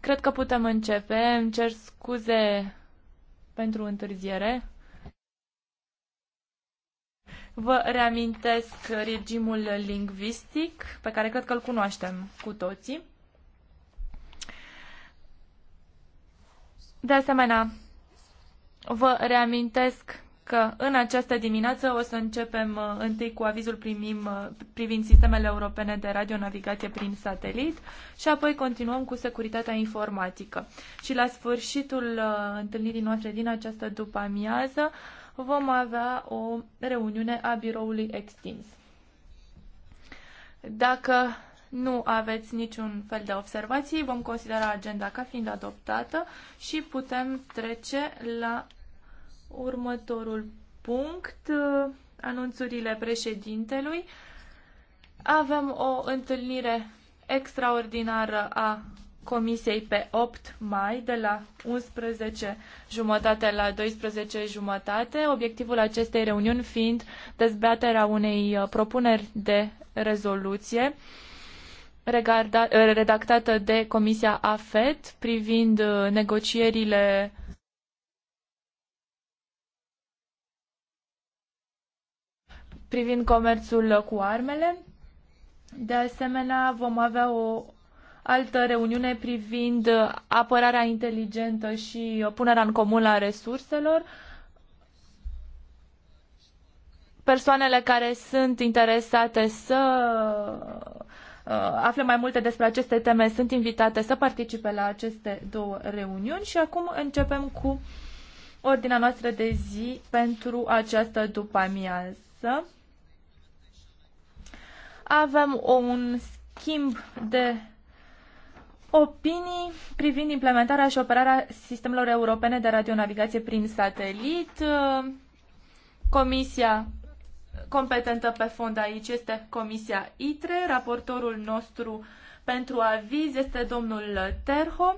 Cred că putem începe. Îmi cer scuze pentru întârziere. Vă reamintesc regimul lingvistic, pe care cred că îl cunoaștem cu toții. De asemenea, vă reamintesc că în această dimineață o să începem uh, întâi cu avizul primim, uh, privind sistemele europene de radionavigație prin satelit și apoi continuăm cu securitatea informatică. Și la sfârșitul uh, întâlnirii noastre din această după-amiază vom avea o reuniune a biroului extins. Dacă nu aveți niciun fel de observații, vom considera agenda ca fiind adoptată și putem trece la Următorul punct, uh, anunțurile președintelui. Avem o întâlnire extraordinară a Comisiei pe 8 mai de la 11 jumătate la 12 jumătate, obiectivul acestei reuniuni fiind dezbaterea unei uh, propuneri de rezoluție uh, redactată de Comisia AFET privind negocierile privind comerțul cu armele. De asemenea, vom avea o altă reuniune privind apărarea inteligentă și punerea în comun a resurselor. Persoanele care sunt interesate să uh, afle mai multe despre aceste teme sunt invitate să participe la aceste două reuniuni și acum începem cu ordinea noastră de zi pentru această după amiază avem un schimb de opinii privind implementarea și operarea sistemelor europene de radionavigație prin satelit. Comisia competentă pe fond aici este Comisia ITRE. Raportorul nostru pentru aviz este domnul Terho.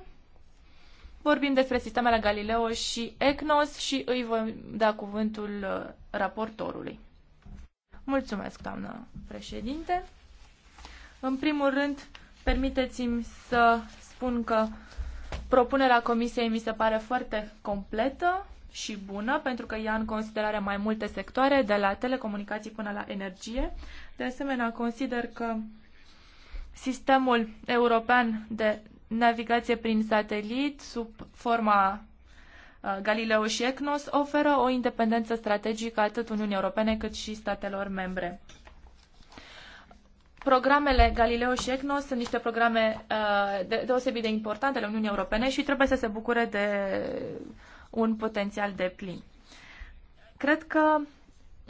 Vorbim despre sistemele Galileo și ECNOS și îi voi da cuvântul raportorului. Mulțumesc, doamnă președinte. În primul rând, permiteți-mi să spun că propunerea comisiei mi se pare foarte completă și bună, pentru că ia în considerare mai multe sectoare, de la telecomunicații până la energie. De asemenea, consider că sistemul european de navigație prin satelit, sub forma Uh, Galileo și ECNOS oferă o independență strategică atât Uniunii Europene cât și statelor membre. Programele Galileo și EGNOS sunt niște programe uh, de, deosebit de importante ale Uniunii Europene și trebuie să se bucure de un potențial de plin. Cred că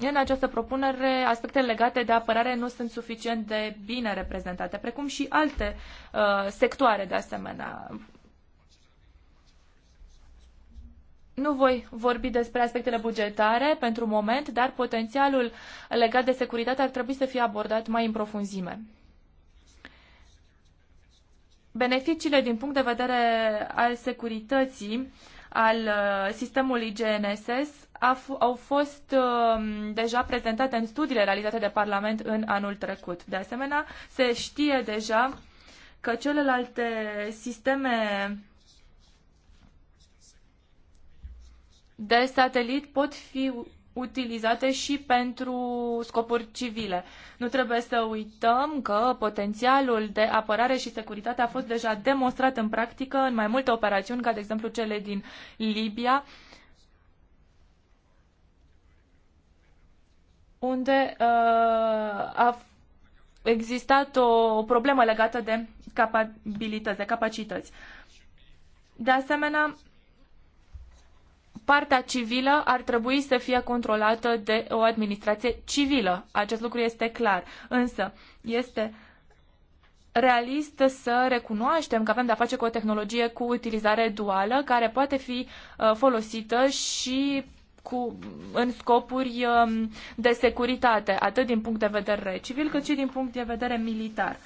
în această propunere, aspectele legate de apărare nu sunt suficient de bine reprezentate, precum și alte uh, sectoare de asemenea. Nu voi vorbi despre aspectele bugetare pentru moment, dar potențialul legat de securitate ar trebui să fie abordat mai în profunzime. Beneficiile din punct de vedere al securității al uh, sistemului GNSS au fost um, deja prezentate în studiile realizate de Parlament în anul trecut. De asemenea, se știe deja că celelalte sisteme de satelit pot fi utilizate și pentru scopuri civile. Nu trebuie să uităm că potențialul de apărare și securitate a fost deja demonstrat în practică în mai multe operațiuni, ca de exemplu cele din Libia, unde uh, a existat o problemă legată de capabilități, de capacități. De asemenea, partea civilă ar trebui să fie controlată de o administrație civilă. Acest lucru este clar. Însă, este realist să recunoaștem că avem de-a face cu o tehnologie cu utilizare duală care poate fi uh, folosită și cu, în scopuri um, de securitate, atât din punct de vedere civil cât și din punct de vedere militar.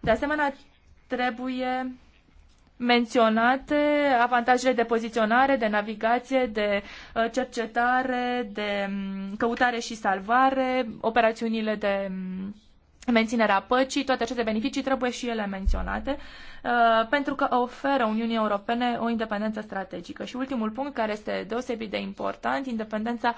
De asemenea, trebuie menționate avantajele de poziționare, de navigație, de uh, cercetare, de mm, căutare și salvare, operațiunile de mm, menținerea păcii, toate aceste beneficii trebuie și ele menționate, uh, pentru că oferă Uniunii Europene o independență strategică. Și ultimul punct care este deosebit de important, independența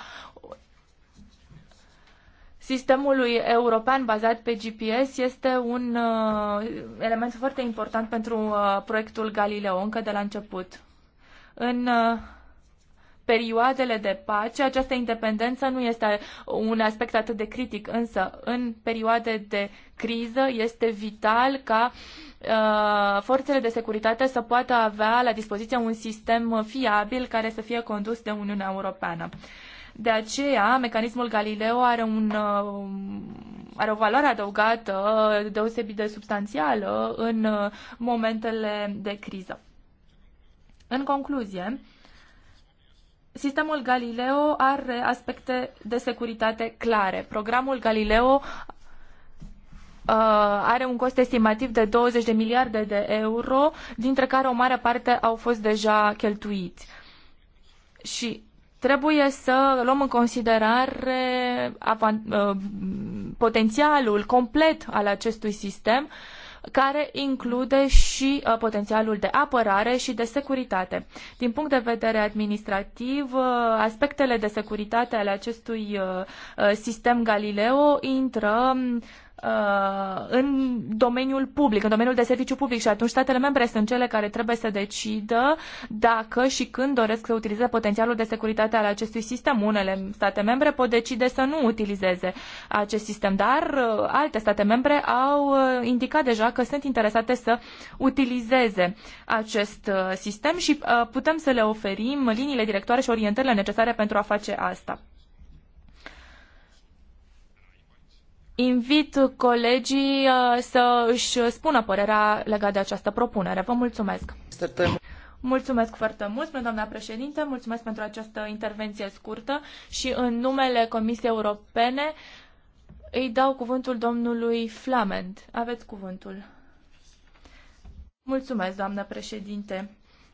Sistemului european bazat pe GPS este un uh, element foarte important pentru uh, proiectul Galileo încă de la început. În uh, perioadele de pace, această independență nu este un aspect atât de critic, însă în perioade de criză este vital ca uh, forțele de securitate să poată avea la dispoziție un sistem fiabil care să fie condus de Uniunea Europeană. Uh, de aceea, mecanismul Galileo are, un, uh, are o valoare adăugată uh, deosebit de substanțială în uh, momentele de criză. În concluzie, Sistemul Galileo are aspecte de securitate clare. Programul Galileo are un cost estimativ de 20 de miliarde de euro, dintre care o mare parte au fost deja cheltuiți. Și trebuie să luăm în considerare uh, potențialul complet al acestui sistem care include și uh, potențialul de apărare și de securitate. Din punct de vedere administrativ, uh, aspectele de securitate ale acestui sistem Galileo intră Uh, în domeniul public, în domeniul de serviciu public și atunci statele membre sunt cele care trebuie să decidă dacă și când doresc să utilizeze potențialul de securitate al acestui sistem. Unele state membre pot decide să nu utilizeze acest sistem, dar uh, alte state membre au uh, indicat deja că sunt interesate să utilizeze acest sistem și putem să le oferim liniile directoare și orientările necesare pentru a face asta. invit colegii uh, să își spună părerea legată de această propunere. Vă mulțumesc! Mulțumesc foarte mult, doamna președinte, mulțumesc pentru această intervenție scurtă și în numele Comisiei Europene îi dau cuvântul domnului Flament. Aveți cuvântul. Mulțumesc, doamnă președinte.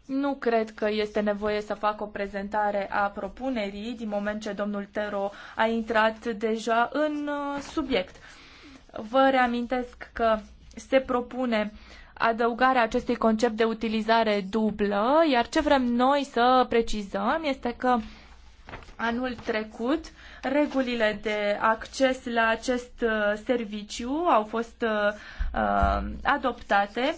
Nu cred că este nevoie să fac o prezentare a propunerii din moment ce domnul Tero a intrat deja în uh, subiect. Vă reamintesc că se propune adăugarea acestui concept de utilizare dublă, iar ce vrem noi să precizăm este că anul trecut regulile de acces la acest uh, serviciu au fost uh, uh adoptate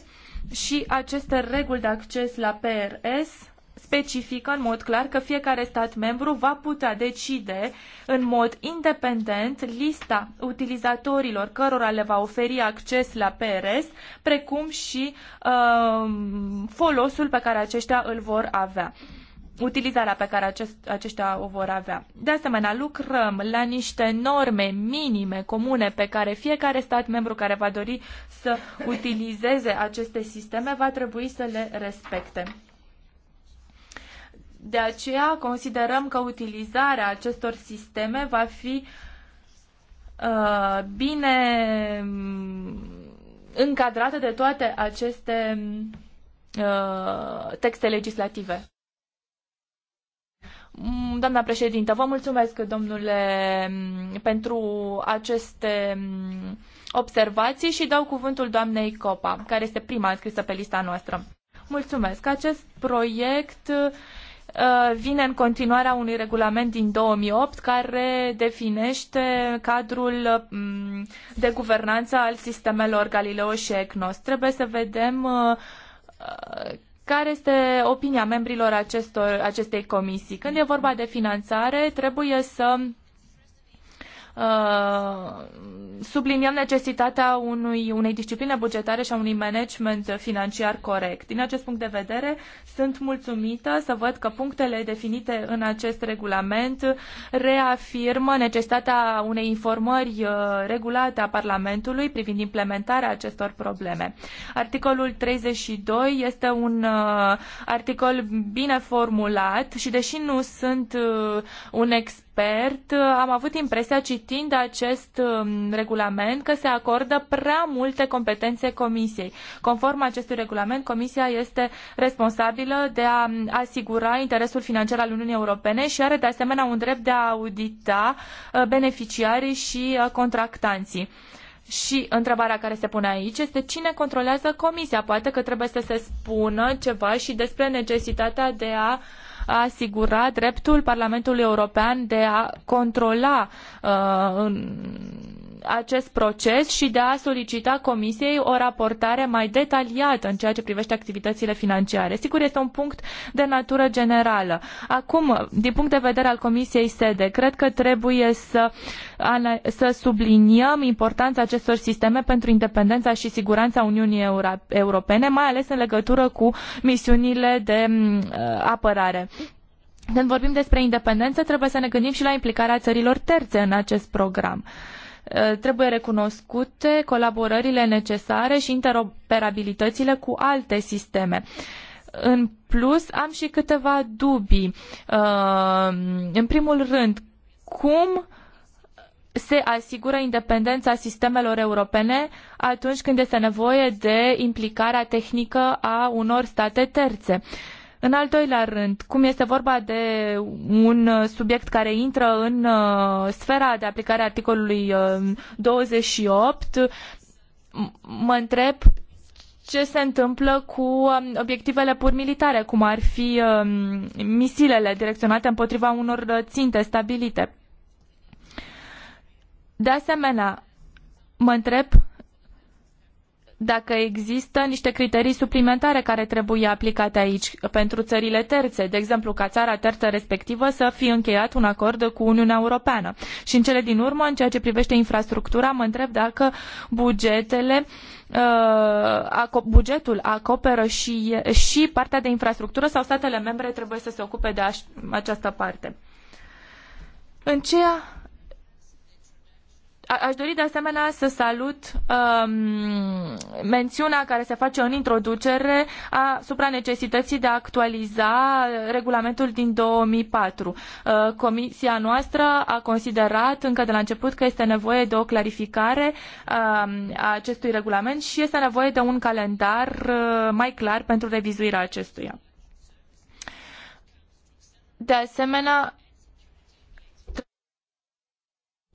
și aceste reguli de acces la PRS specifică în mod clar că fiecare stat membru va putea decide în mod independent lista utilizatorilor cărora le va oferi acces la PRS, precum și uh, folosul pe care aceștia îl vor avea utilizarea pe care acest, aceștia o vor avea. De asemenea, lucrăm la niște norme minime comune pe care fiecare stat membru care va dori să utilizeze aceste sisteme va trebui să le respecte. De aceea considerăm că utilizarea acestor sisteme va fi uh, bine mm, încadrată de toate aceste uh, texte legislative. Mm, doamna președintă, vă mulțumesc, domnule, mm, pentru aceste mm, observații și dau cuvântul doamnei Copa, care este prima înscrisă pe lista noastră. Mulțumesc. Acest proiect uh, vine în continuarea unui regulament din 2008 care definește cadrul de guvernanță al sistemelor Galileo și EGNOS. Trebuie să vedem uh, care este opinia membrilor acestor, acestei comisii. Când e vorba de finanțare, trebuie să Uh, subliniem necesitatea unui, unei discipline bugetare și a unui management financiar corect. Din acest punct de vedere, sunt mulțumită să văd că punctele definite în acest regulament reafirmă necesitatea unei informări uh, regulate a Parlamentului privind implementarea acestor probleme. Articolul 32 este un uh, articol bine formulat și deși nu sunt un expert expert, am avut impresia citind acest um, regulament că se acordă prea multe competențe comisiei. Conform acestui regulament, comisia este responsabilă de a um, asigura interesul financiar al Uniunii Europene și are de asemenea un drept de a audita uh, beneficiarii și uh, contractanții. Și întrebarea care se pune aici este cine controlează comisia. Poate că trebuie să se spună ceva și despre necesitatea de a uh, asigura dreptul Parlamentului European de a controla uh, acest proces și de a solicita Comisiei o raportare mai detaliată în ceea ce privește activitățile financiare. Sigur, este un punct de natură generală. Acum, din punct de vedere al Comisiei SEDE, cred că trebuie să, să subliniem importanța acestor sisteme pentru independența și siguranța Uniunii Europene, mai ales în legătură cu misiunile de apărare. Când vorbim despre independență, trebuie să ne gândim și la implicarea țărilor terțe în acest program. Eh, trebuie recunoscute colaborările necesare și interoperabilitățile cu alte sisteme. În plus, am și câteva dubii. Eh, în primul rând, cum se asigură independența sistemelor europene atunci când este nevoie de implicarea tehnică a unor state terțe? În al doilea rând, cum este vorba de un uh, subiect care intră în uh, sfera de aplicare a articolului 28, uh, mă întreb ce se întâmplă cu um, obiectivele pur militare, cum ar fi um, misilele direcționate împotriva unor ținte stabilite. De asemenea, mă întreb dacă există niște criterii suplimentare care trebuie aplicate aici pentru țările terțe, de exemplu ca țara terță respectivă să fie încheiat un acord cu Uniunea Europeană. Și în cele din urmă, în ceea ce privește infrastructura, mă întreb dacă bugetele uh, bugetul acoperă și, și partea de infrastructură sau statele membre trebuie să se ocupe de această parte. În ceea Aș dori de asemenea să salut um, mențiunea care se face în introducere asupra necesității de a actualiza regulamentul din 2004. Uh, comisia noastră a considerat încă de la început că este nevoie de o clarificare um, a acestui regulament și este nevoie de un calendar uh, mai clar pentru revizuirea acestuia. De asemenea,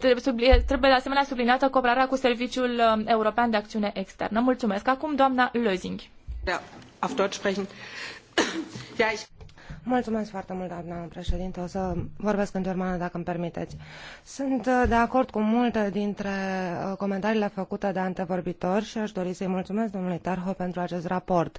Trebuie, de asemenea subliniată cooperarea cu Serviciul um, European de Acțiune Externă. Mulțumesc. Acum doamna Lözing. Da, auf Deutsch sprechen. ja, ich... Mulțumesc foarte mult, doamna președinte. O să vorbesc în germană, dacă îmi permiteți. Sunt uh, de acord cu multe dintre uh, comentariile făcute de antevorbitori și aș dori să-i mulțumesc domnului Tarho pentru acest raport.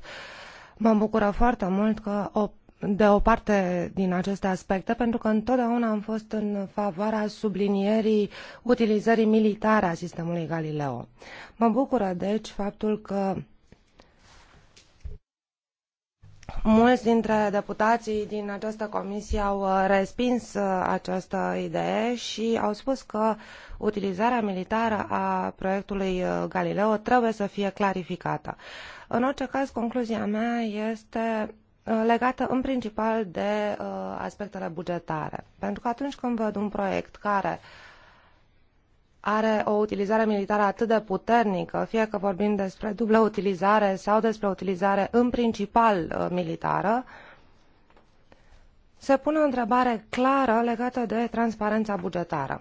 Mă bucură foarte mult că o de o parte din aceste aspecte, pentru că întotdeauna am fost în favoarea sublinierii utilizării militare a sistemului Galileo. Mă bucură, deci, faptul că mulți dintre deputații din această comisie au uh, respins uh, această idee și au spus că utilizarea militară a proiectului uh, Galileo trebuie să fie clarificată. În orice caz, concluzia mea este Uh, legată în principal de uh, aspectele bugetare. Pentru că atunci când văd un proiect care are o utilizare militară atât de puternică, fie că vorbim despre dublă utilizare sau despre utilizare în principal uh, militară, se pune o întrebare clară legată de transparența bugetară.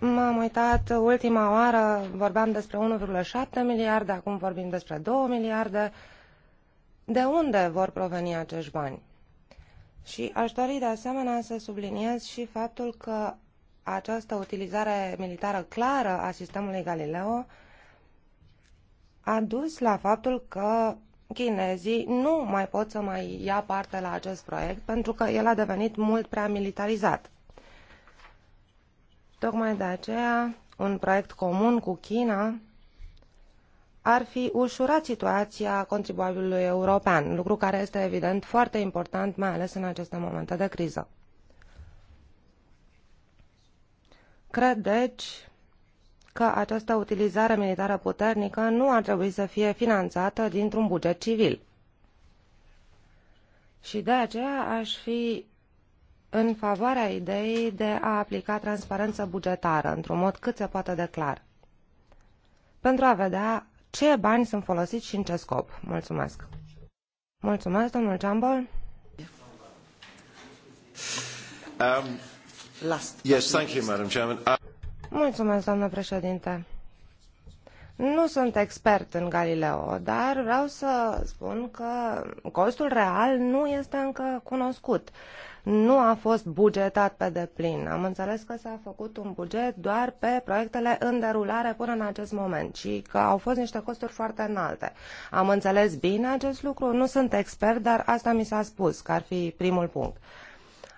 M-am uitat ultima oară, vorbeam despre 1,7 miliarde, acum vorbim despre 2 miliarde. De unde vor proveni acești bani? Și aș dori de asemenea să subliniez și faptul că această utilizare militară clară a sistemului Galileo a dus la faptul că chinezii nu mai pot să mai ia parte la acest proiect pentru că el a devenit mult prea militarizat. Tocmai de aceea, un proiect comun cu China ar fi ușurat situația contribuabilului european, lucru care este evident foarte important, mai ales în aceste momente de criză. Cred, deci, că această utilizare militară puternică nu ar trebui să fie finanțată dintr-un buget civil. Și de aceea aș fi în favoarea ideii de a aplica transparență bugetară într-un mod cât se poate de clar, pentru a vedea ce bani sunt folosiți și în ce scop. Mulțumesc! Mulțumesc, domnul Ceambol! Um, last, yes, thank you, Madam Chairman. I... Uh, Mulțumesc, doamnă președinte. Nu sunt expert în Galileo, dar vreau să spun că costul real nu este încă cunoscut nu a fost bugetat pe deplin. Am înțeles că s-a făcut un buget doar pe proiectele în derulare până în acest moment și că au fost niște costuri foarte înalte. Am înțeles bine acest lucru? Nu sunt expert, dar asta mi s-a spus, că ar fi primul punct.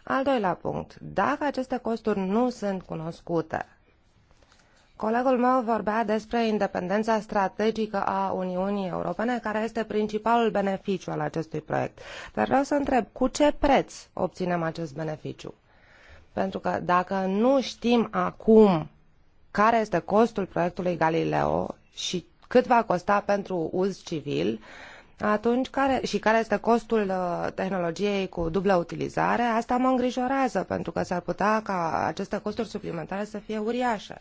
Al doilea punct, dacă aceste costuri nu sunt cunoscute, Colegul meu vorbea despre independența strategică a Uniunii Europene, care este principalul beneficiu al acestui proiect. Dar vreau să întreb, cu ce preț obținem acest beneficiu? Pentru că dacă nu știm acum care este costul proiectului Galileo și cât va costa pentru uz civil, uh, atunci, care, și care este costul uh, tehnologiei cu dublă utilizare, asta mă îngrijorează, pentru că s-ar putea ca aceste costuri suplimentare să fie uriașe.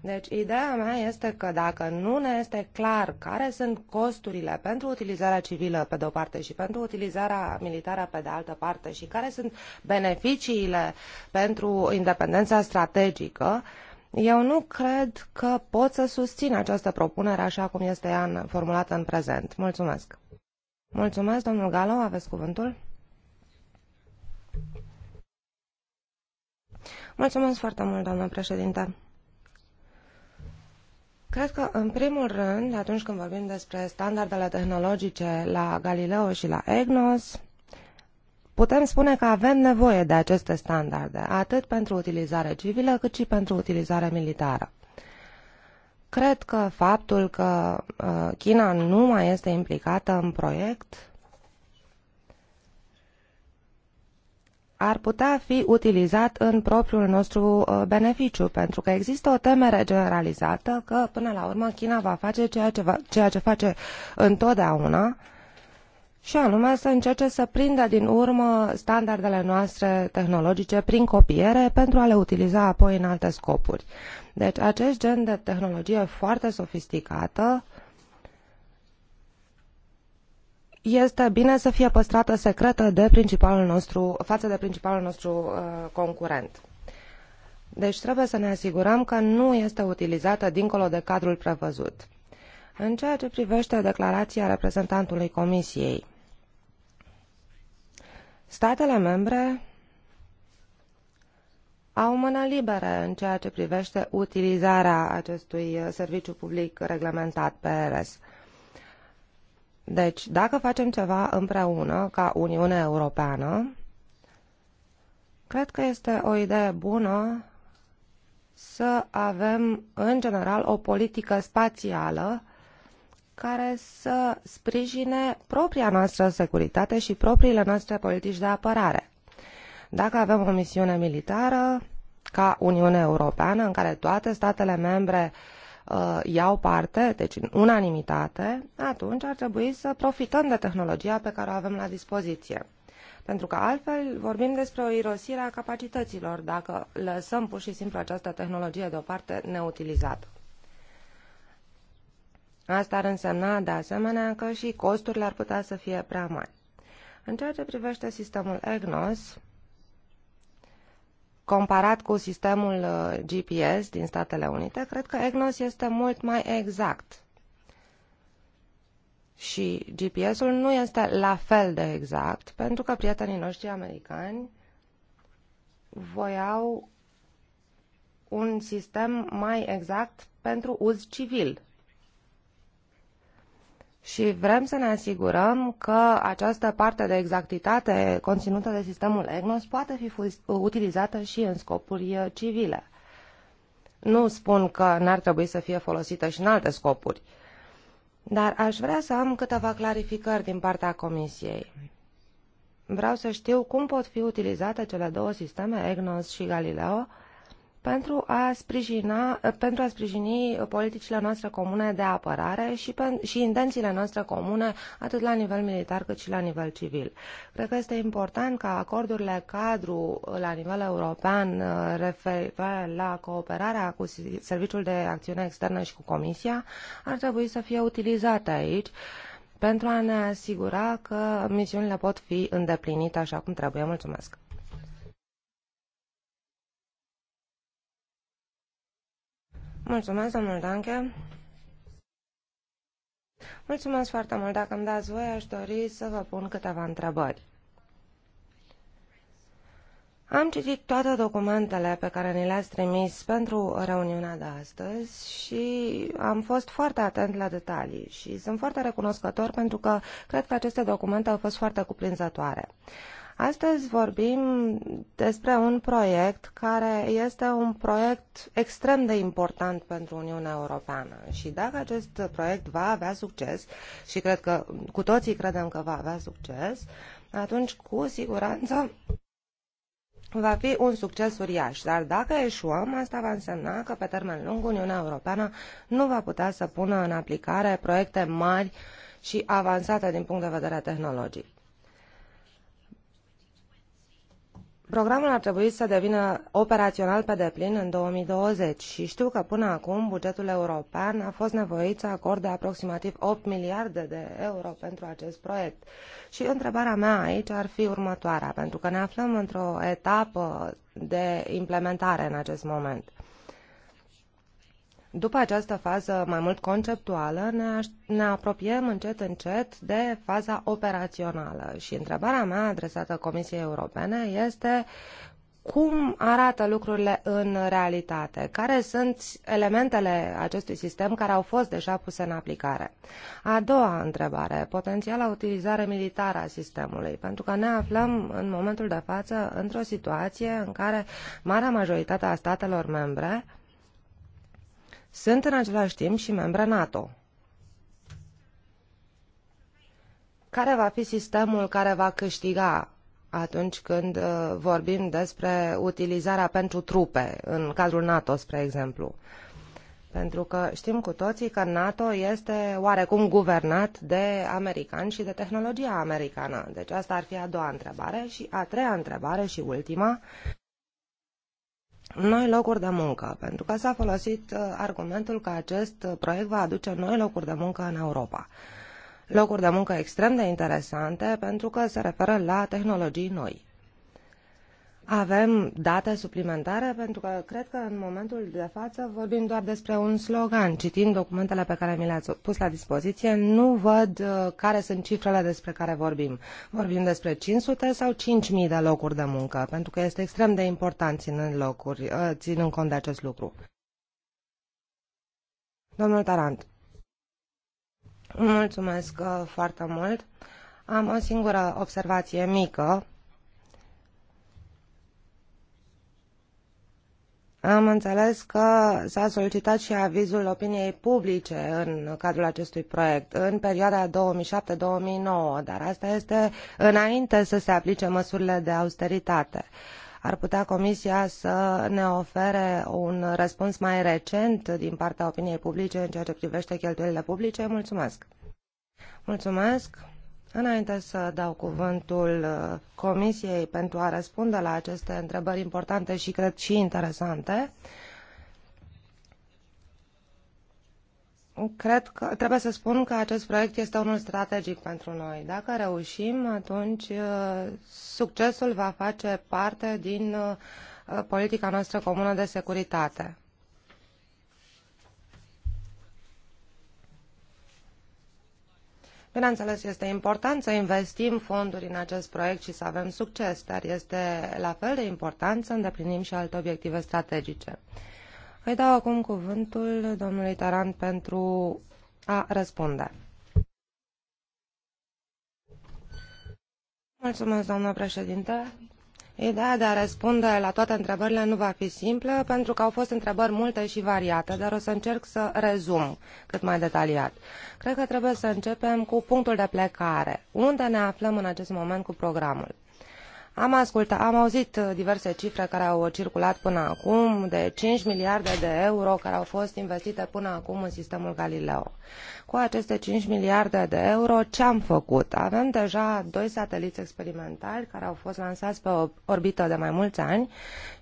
Deci, ideea mea este că dacă nu ne este clar care sunt costurile pentru utilizarea civilă pe de o parte și pentru utilizarea militară pe de altă parte și care sunt beneficiile pentru independența strategică, eu nu cred că pot să susțin această propunere așa cum este ea formulată în prezent. Mulțumesc. Mulțumesc, domnul Galo, aveți cuvântul. Mulțumesc foarte mult, doamnă președinte. Cred că, în primul rând, atunci când vorbim despre standardele tehnologice la Galileo și la EGNOS, putem spune că avem nevoie de aceste standarde, atât pentru utilizare civilă, cât și pentru utilizare militară. Cred că faptul că uh, China nu mai este implicată în proiect ar putea fi utilizat în propriul nostru uh, beneficiu, pentru că există o temere generalizată că, până la urmă, China va face ceea ce, va, ceea ce face întotdeauna, și anume să încerce să prindă din urmă standardele noastre tehnologice prin copiere pentru a le utiliza apoi în alte scopuri. Deci acest gen de tehnologie foarte sofisticată este bine să fie păstrată secretă de principalul nostru, față de principalul nostru uh, concurent. Deci trebuie să ne asigurăm că nu este utilizată dincolo de cadrul prevăzut. În ceea ce privește declarația reprezentantului Comisiei, statele membre au mână liberă în ceea ce privește utilizarea acestui uh, serviciu public reglementat pe RS. Deci, dacă facem ceva împreună ca Uniunea Europeană, cred că este o idee bună să avem, în general, o politică spațială care să sprijine propria noastră securitate și propriile noastre politici de apărare. Dacă avem o misiune militară ca Uniunea Europeană în care toate statele membre uh, iau parte, deci în unanimitate, atunci ar trebui să profităm de tehnologia pe care o avem la dispoziție. Pentru că altfel vorbim despre o irosire a capacităților dacă lăsăm pur și simplu această tehnologie deoparte neutilizată. Asta ar însemna, de asemenea, că și costurile ar putea să fie prea mari. În ceea ce privește sistemul EGNOS, comparat cu sistemul uh, GPS din Statele Unite, cred că EGNOS este mult mai exact. Și GPS-ul nu este la fel de exact, pentru că prietenii noștri americani voiau un sistem mai exact pentru uz civil și vrem să ne asigurăm că această parte de exactitate conținută de sistemul EGNOS poate fi utilizată și în scopuri uh, civile. Nu spun că n-ar trebui să fie folosită și în alte scopuri, dar aș vrea să am câteva clarificări din partea Comisiei. Vreau să știu cum pot fi utilizate cele două sisteme, EGNOS și Galileo, pentru a, sprijina, pentru a sprijini politicile noastre comune de apărare și, pen, și intențiile noastre comune atât la nivel militar cât și la nivel civil. Cred că este important ca acordurile cadru la nivel european uh, referitoare la cooperarea cu Serviciul de Acțiune Externă și cu Comisia ar trebui să fie utilizate aici pentru a ne asigura că misiunile pot fi îndeplinite așa cum trebuie. Mulțumesc! Mulțumesc, domnul Danke. Mulțumesc foarte mult. Dacă îmi dați voi, aș dori să vă pun câteva întrebări. Am citit toate documentele pe care ni le-ați trimis pentru reuniunea de astăzi și am fost foarte atent la detalii și sunt foarte recunoscător pentru că cred că aceste documente au fost foarte cuprinzătoare. Astăzi vorbim despre un proiect care este un proiect extrem de important pentru Uniunea Europeană și dacă acest proiect va avea succes și cred că cu toții credem că va avea succes, atunci cu siguranță va fi un succes uriaș, dar dacă eșuăm, asta va însemna că pe termen lung Uniunea Europeană nu va putea să pună în aplicare proiecte mari și avansate din punct de vedere tehnologic. Programul ar trebui să devină operațional pe deplin în 2020 și știu că până acum bugetul european a fost nevoit să acorde aproximativ 8 miliarde de euro pentru acest proiect. Și întrebarea mea aici ar fi următoarea, pentru că ne aflăm într-o etapă de implementare în acest moment. După această fază mai mult conceptuală, ne, ne apropiem încet încet de faza operațională și întrebarea mea adresată Comisiei Europene este cum arată lucrurile în realitate? Care sunt elementele acestui sistem care au fost deja puse în aplicare? A doua întrebare, potențiala utilizare militară a sistemului, pentru că ne aflăm în momentul de față într-o situație în care marea majoritate a statelor membre sunt în același timp și membre NATO. Care va fi sistemul care va câștiga atunci când uh, vorbim despre utilizarea pentru trupe în cadrul NATO, spre exemplu? Pentru că știm cu toții că NATO este oarecum guvernat de americani și de tehnologia americană. Deci asta ar fi a doua întrebare. Și a treia întrebare și ultima noi locuri de muncă, pentru că s-a folosit uh, argumentul că acest uh, proiect va aduce noi locuri de muncă în Europa. Locuri de muncă extrem de interesante pentru că se referă la tehnologii noi avem date suplimentare? Pentru că cred că în momentul de față vorbim doar despre un slogan. Citind documentele pe care mi le-ați pus la dispoziție, nu văd uh, care sunt cifrele despre care vorbim. Vorbim despre 500 sau 5000 de locuri de muncă, pentru că este extrem de important ținând, locuri, uh, ținând cont de acest lucru. Domnul Tarant, mulțumesc uh, foarte mult. Am o singură observație mică Am înțeles că s-a solicitat și avizul opiniei publice în cadrul acestui proiect în perioada 2007-2009, dar asta este înainte să se aplice măsurile de austeritate. Ar putea Comisia să ne ofere un răspuns mai recent din partea opiniei publice în ceea ce privește cheltuielile publice? Mulțumesc! Mulțumesc! Înainte să dau cuvântul uh, Comisiei pentru a răspunde la aceste întrebări importante și cred și interesante, Cred că trebuie să spun că acest proiect este unul strategic pentru noi. Dacă reușim, atunci uh, succesul va face parte din uh, politica noastră comună de securitate. Bineînțeles, este important să investim fonduri în acest proiect și să avem succes, dar este la fel de important să îndeplinim și alte obiective strategice. Îi dau acum cuvântul domnului Taran pentru a răspunde. Mulțumesc, doamnă președinte. Ideea de a răspunde la toate întrebările nu va fi simplă, pentru că au fost întrebări multe și variate, dar o să încerc să rezum cât mai detaliat. Cred că trebuie să începem cu punctul de plecare. Unde ne aflăm în acest moment cu programul? Am, ascultat, am auzit uh, diverse cifre care au circulat până acum, de 5 miliarde de euro care au fost investite până acum în sistemul Galileo. Cu aceste 5 miliarde de euro, ce am făcut? Avem deja doi sateliți experimentali care au fost lansați pe o orbită de mai mulți ani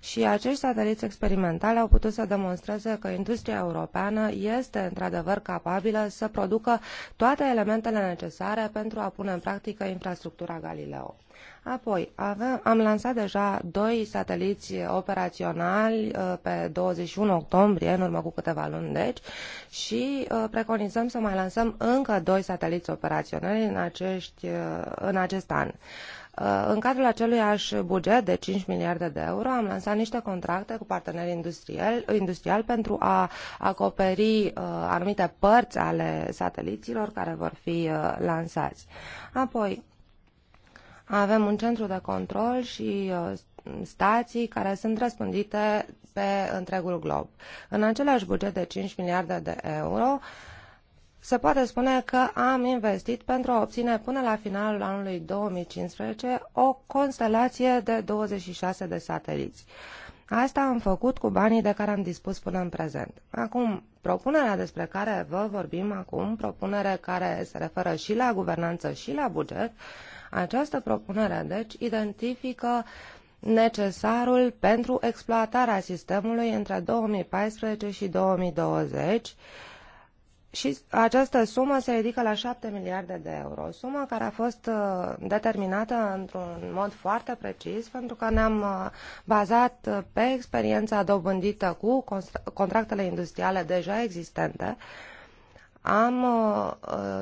și acești sateliți experimentali au putut să demonstreze că industria europeană este într-adevăr capabilă să producă toate elementele necesare pentru a pune în practică infrastructura Galileo. Apoi, avem, am lansat deja doi sateliți operaționali uh, pe 21 octombrie, în urmă cu câteva luni, deci, și uh, preconizăm să mai lansăm încă doi sateliți operaționali în, acești, uh, în acest an. În cadrul aceluiași buget de 5 miliarde de euro am lansat niște contracte cu parteneri industriali, industrial pentru a acoperi uh, anumite părți ale sateliților care vor fi uh, lansați. Apoi, avem un centru de control și uh, stații care sunt răspândite pe întregul glob. În același buget de 5 miliarde de euro, se poate spune că am investit pentru a obține până la finalul anului 2015 o constelație de 26 de sateliți. Asta am făcut cu banii de care am dispus până în prezent. Acum, propunerea despre care vă vorbim acum, propunere care se referă și la guvernanță și la buget, această propunere, deci, identifică necesarul pentru exploatarea sistemului între 2014 și 2020 și această sumă se ridică la 7 miliarde de euro, o sumă care a fost uh, determinată într-un mod foarte precis pentru că ne-am uh, bazat uh, pe experiența dobândită cu contractele industriale deja existente am uh,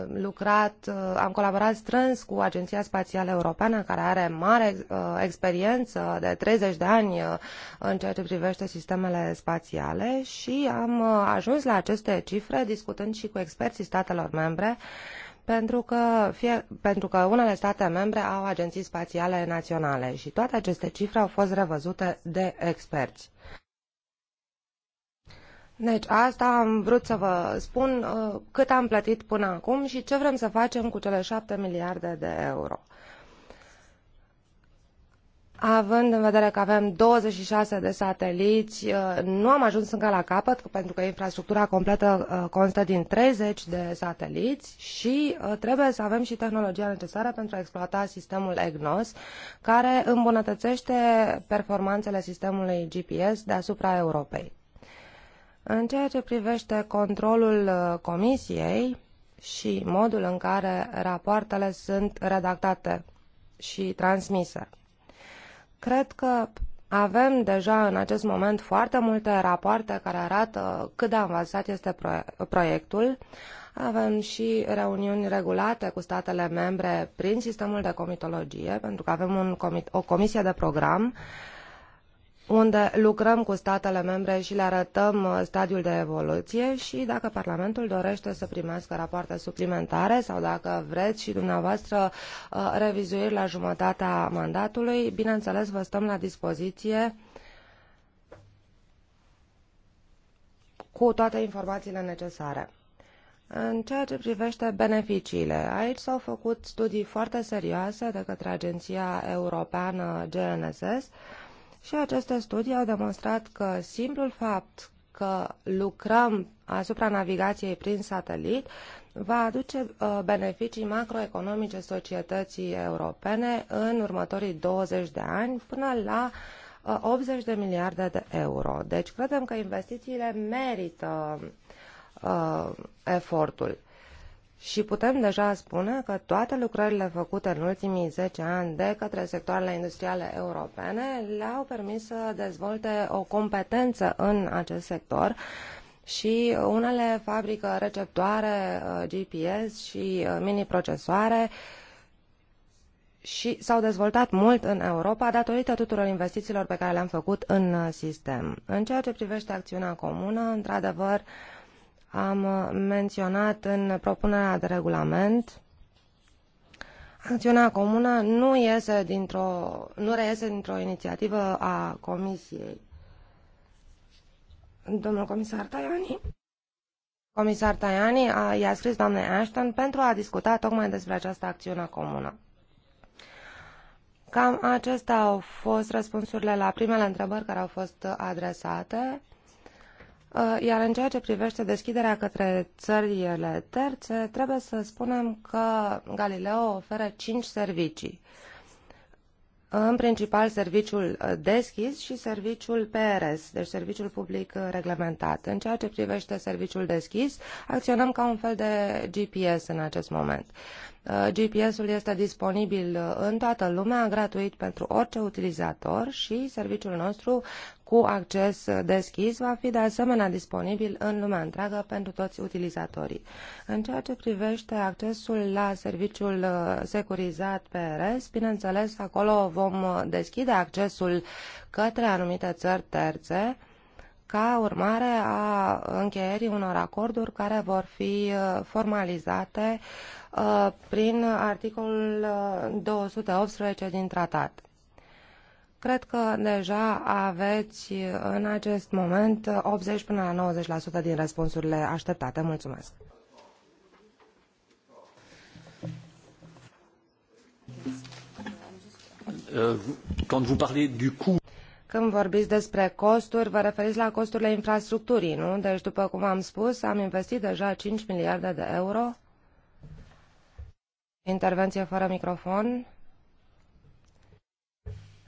lucrat, uh, am colaborat strâns cu Agenția Spațială Europeană, care are mare uh, experiență de 30 de ani uh, în ceea ce privește sistemele spațiale și am uh, ajuns la aceste cifre discutând și cu experții statelor membre pentru că, fie, pentru că unele state membre au agenții spațiale naționale și toate aceste cifre au fost revăzute de experți. Deci asta am vrut să vă spun uh, cât am plătit până acum și ce vrem să facem cu cele 7 miliarde de euro. Având în vedere că avem 26 de sateliți, uh, nu am ajuns încă la capăt, pentru că infrastructura completă uh, constă din 30 de sateliți și trebuie să avem și tehnologia necesară pentru a exploata sistemul EGNOS, care îmbunătățește performanțele sistemului GPS deasupra Europei. În ceea ce privește controlul uh, comisiei și modul în care rapoartele sunt redactate și transmise, cred că avem deja în acest moment foarte multe rapoarte care arată cât de avansat este proiectul. Avem și reuniuni regulate cu statele membre prin sistemul de comitologie, pentru că avem un comit- o comisie de program uh, unde lucrăm cu statele membre și le arătăm uh, stadiul de evoluție și dacă Parlamentul dorește să primească rapoarte suplimentare sau dacă vreți și dumneavoastră uh, revizuiri la jumătatea mandatului, bineînțeles vă stăm la dispoziție cu toate informațiile necesare. În ceea ce privește beneficiile, aici s-au făcut studii foarte serioase de către Agenția Europeană GNSS, și aceste studii au demonstrat că simplul fapt că lucrăm asupra navigației prin satelit va aduce uh, beneficii macroeconomice societății europene în următorii 20 de ani până la 80 uh, de miliarde de euro. Deci credem că investițiile merită uh, efortul. Și putem deja spune că toate lucrările făcute în ultimii 10 ani de către sectoarele industriale europene le-au permis să dezvolte o competență în acest sector și unele fabrică receptoare uh, GPS și uh, mini-procesoare și s-au dezvoltat mult în Europa datorită tuturor investițiilor pe care le-am făcut în uh, sistem. În ceea ce privește acțiunea comună, într-adevăr, am uh, menționat în propunerea de regulament, acțiunea comună nu, iese dintr-o, nu reiese dintr-o inițiativă a Comisiei. Domnul comisar Tajani. Comisar Tajani a, i-a scris doamnei Ashton pentru a discuta tocmai despre această acțiune comună. Cam acestea au fost răspunsurile la primele întrebări care au fost adresate. Uh, iar în ceea ce privește deschiderea către țările terțe, trebuie să spunem că Galileo oferă cinci servicii. În principal serviciul uh, deschis și serviciul PRS, deci serviciul public uh, reglementat. În ceea ce privește serviciul deschis, acționăm ca un fel de GPS în acest moment. Uh, GPS-ul este disponibil uh, în toată lumea, gratuit pentru orice utilizator și serviciul nostru cu acces deschis va fi de asemenea disponibil în lumea întreagă pentru toți utilizatorii. În ceea ce privește accesul la serviciul uh, securizat PRS, bineînțeles, acolo vom deschide accesul către anumite țări terțe, ca urmare a încheierii unor acorduri care vor fi uh, formalizate uh, prin articolul 218 uh, din tratat. Cred că deja aveți în acest moment 80 până la 90% din răspunsurile așteptate. Mulțumesc! Când euh, vous parlez du coût când vorbiți despre costuri, vă referiți la costurile infrastructurii, nu? Deci, după cum am spus, am investit deja 5 miliarde de euro. Intervenție fără microfon.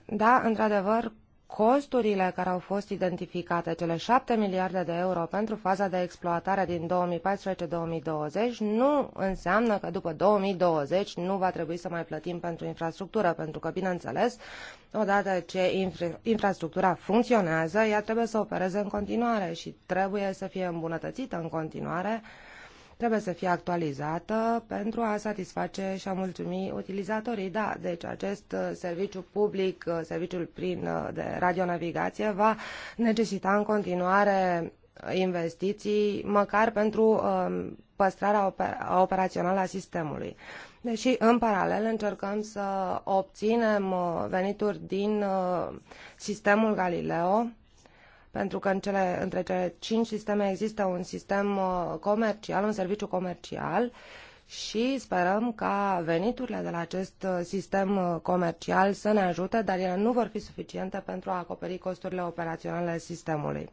Da, într-adevăr, costurile care au fost identificate, cele 7 miliarde de euro pentru faza de exploatare din 2014-2020, nu înseamnă că după 2020 nu va trebui să mai plătim pentru infrastructură, pentru că, bineînțeles, odată ce infra infrastructura funcționează, ea trebuie să opereze în continuare și trebuie să fie îmbunătățită în continuare trebuie să fie actualizată pentru a satisface și a mulțumi utilizatorii. Da, deci acest uh, serviciu public, uh, serviciul prin uh, de radionavigație, va necesita în continuare investiții, măcar pentru um, păstrarea opera operațională a sistemului. Deși, în paralel, încercăm să obținem venituri din sistemul Galileo, pentru că în cele, între cele cinci sisteme există un sistem uh, comercial, un serviciu comercial și sperăm ca veniturile de la acest uh, sistem uh, comercial să ne ajute, dar ele nu vor fi suficiente pentru a acoperi costurile operaționale sistemului.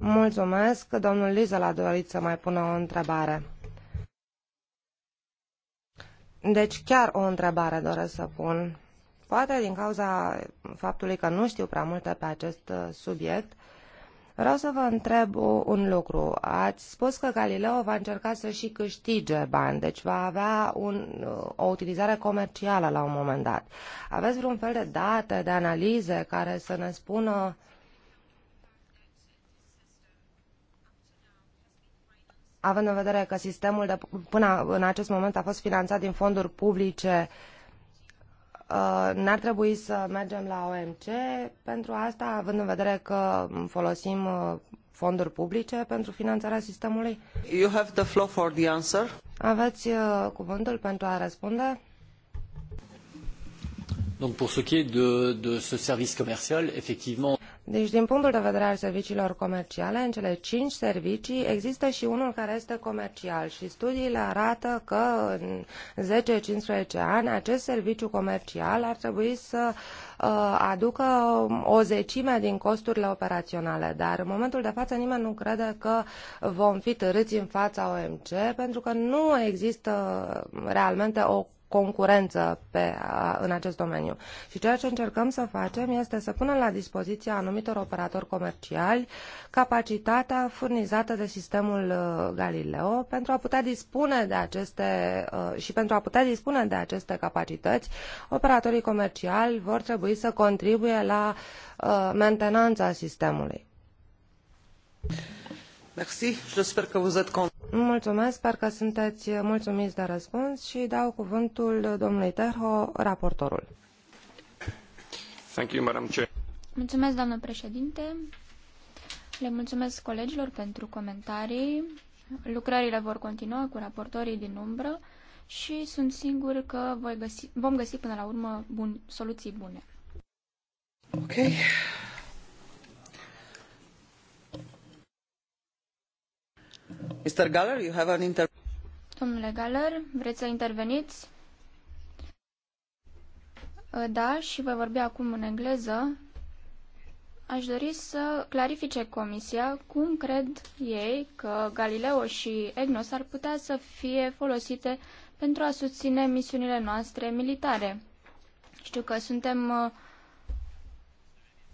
Mulțumesc. Domnul Lizel a dorit să mai pună o întrebare. Deci chiar o întrebare doresc să pun. Poate din cauza faptului că nu știu prea multe pe acest uh, subiect, vreau să vă întreb un lucru. Ați spus că Galileo va încerca să și câștige bani, deci va avea un, uh, o utilizare comercială la un moment dat. Aveți vreun fel de date, de analize care să ne spună având în vedere că sistemul de, până în acest moment a fost finanțat din fonduri publice uh, Uh, n-ar trebui să mergem la OMC pentru asta, având în vedere că folosim uh, fonduri publice pentru finanțarea sistemului? You have the floor for the answer. Aveți uh, cuvântul pentru a răspunde? Donc pour ce qui est de, de ce service commercial, effectivement. Deci, din punctul de vedere al serviciilor comerciale, în cele cinci servicii există și unul care este comercial și studiile arată că în 10-15 ani acest serviciu comercial ar trebui să uh, aducă o zecime din costurile operaționale, dar în momentul de față nimeni nu crede că vom fi târâți în fața OMC pentru că nu există realmente o concurență pe, în acest domeniu. Și ceea ce încercăm să facem este să punem la dispoziția anumitor operatori comerciali capacitatea furnizată de sistemul uh, Galileo pentru a putea dispune de aceste uh, și pentru a putea dispune de aceste capacități, operatorii comerciali vor trebui să contribuie la uh, mentenanța sistemului. Mulțumesc, sper că sunteți mulțumiți de răspuns și dau cuvântul domnului Terho, raportorul. Mulțumesc, doamnă președinte. Le mulțumesc colegilor pentru comentarii. Lucrările vor continua cu raportorii din umbră și sunt sigur că voi găsi, vom găsi până la urmă bun, soluții bune. Ok. Domnule Galler, vreți să interveniți? Ă, da, și voi vorbi acum în engleză. Aș dori să clarifice Comisia cum cred ei că Galileo și EGNOS ar putea să fie folosite pentru a susține misiunile noastre militare. Știu că suntem ă,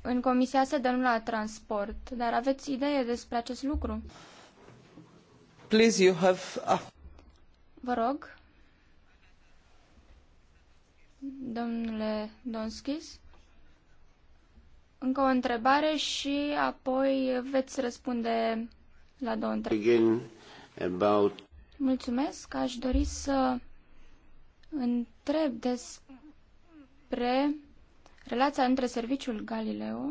în Comisia nu la Transport, dar aveți idee despre acest lucru? Vă rog. Domnule Donskis. Încă o întrebare și apoi veți răspunde la două întrebări. About... Mulțumesc. Aș dori să întreb despre relația între serviciul Galileo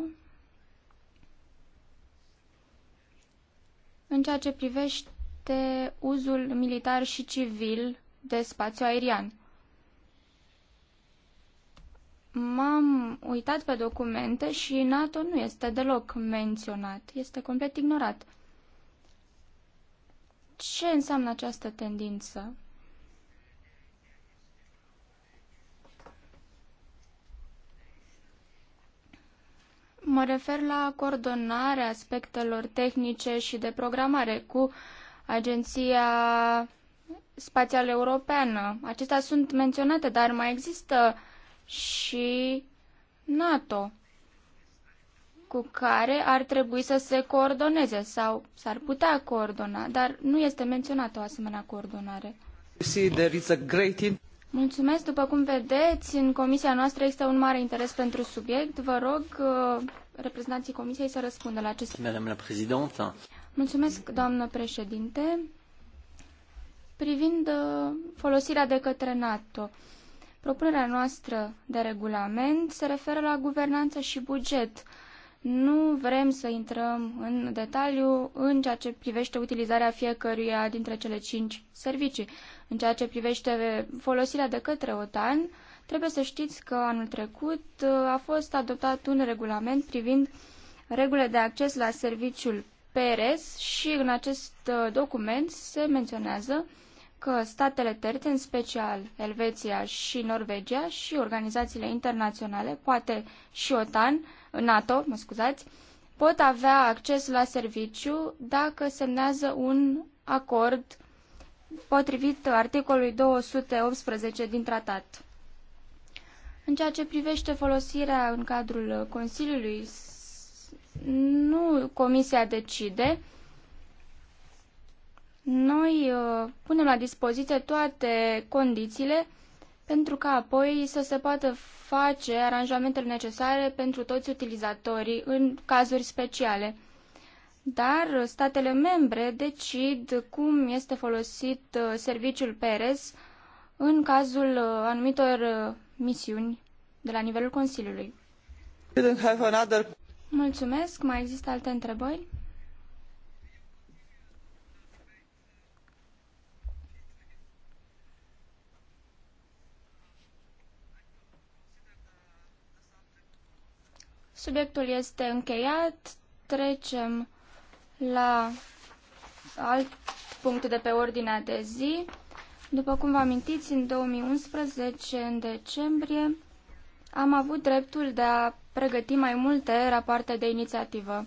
în ceea ce privește este uzul militar și civil de spațiu aerian. M-am uitat pe documente și NATO nu este deloc menționat, este complet ignorat. Ce înseamnă această tendință? Mă refer la coordonarea aspectelor tehnice și de programare cu Agenția Spațială Europeană. Acestea sunt menționate, dar mai există și NATO cu care ar trebui să se coordoneze sau s-ar putea coordona, dar nu este menționată o asemenea coordonare. Mulțumesc, după cum vedeți, în comisia noastră există un mare interes pentru subiect. Vă rog, uh, reprezentanții comisiei să răspundă la aceste. Madame la Mulțumesc, doamnă președinte. Privind uh, folosirea de către NATO, propunerea noastră de regulament se referă la guvernanță și buget. Nu vrem să intrăm în detaliu în ceea ce privește utilizarea fiecăruia dintre cele cinci servicii. În ceea ce privește folosirea de către OTAN, trebuie să știți că anul trecut uh, a fost adoptat un regulament privind regulile de acces la serviciul Perez și în acest uh, document se menționează că statele terțe, în special Elveția și Norvegia și organizațiile internaționale, poate și OTAN, NATO, mă scuzați, pot avea acces la serviciu dacă semnează un acord potrivit articolului 218 din tratat. În ceea ce privește folosirea în cadrul Consiliului nu comisia decide. Noi uh, punem la dispoziție toate condițiile pentru ca apoi să se poată face aranjamentele necesare pentru toți utilizatorii în cazuri speciale. Dar statele membre decid cum este folosit uh, serviciul PERES în cazul uh, anumitor uh, misiuni de la nivelul Consiliului. Mulțumesc. Mai există alte întrebări? Subiectul este încheiat. Trecem la alt punct de pe ordinea de zi. După cum vă amintiți, în 2011, în decembrie, am avut dreptul de a pregăti mai multe rapoarte de inițiativă.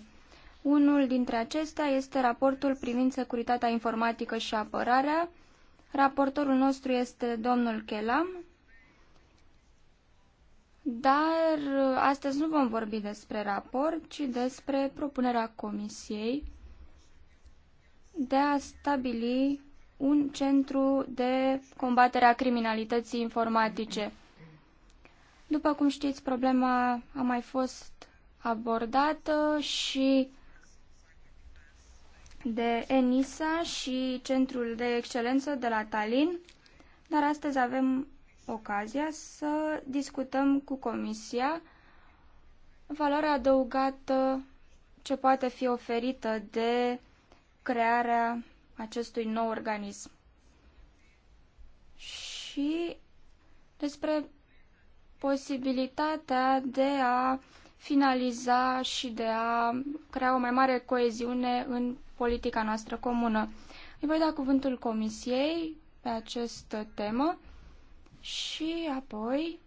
Unul dintre acestea este raportul privind securitatea informatică și apărarea. Raportorul nostru este domnul Chelam, dar astăzi nu vom vorbi despre raport, ci despre propunerea Comisiei de a stabili un centru de combatere a criminalității informatice. După cum știți, problema a mai fost abordată și de ENISA și Centrul de Excelență de la Tallinn, dar astăzi avem ocazia să discutăm cu Comisia valoarea adăugată ce poate fi oferită de crearea acestui nou organism. Și despre posibilitatea de a finaliza și de a crea o mai mare coeziune în politica noastră comună. Îi voi da cuvântul Comisiei pe această temă și apoi,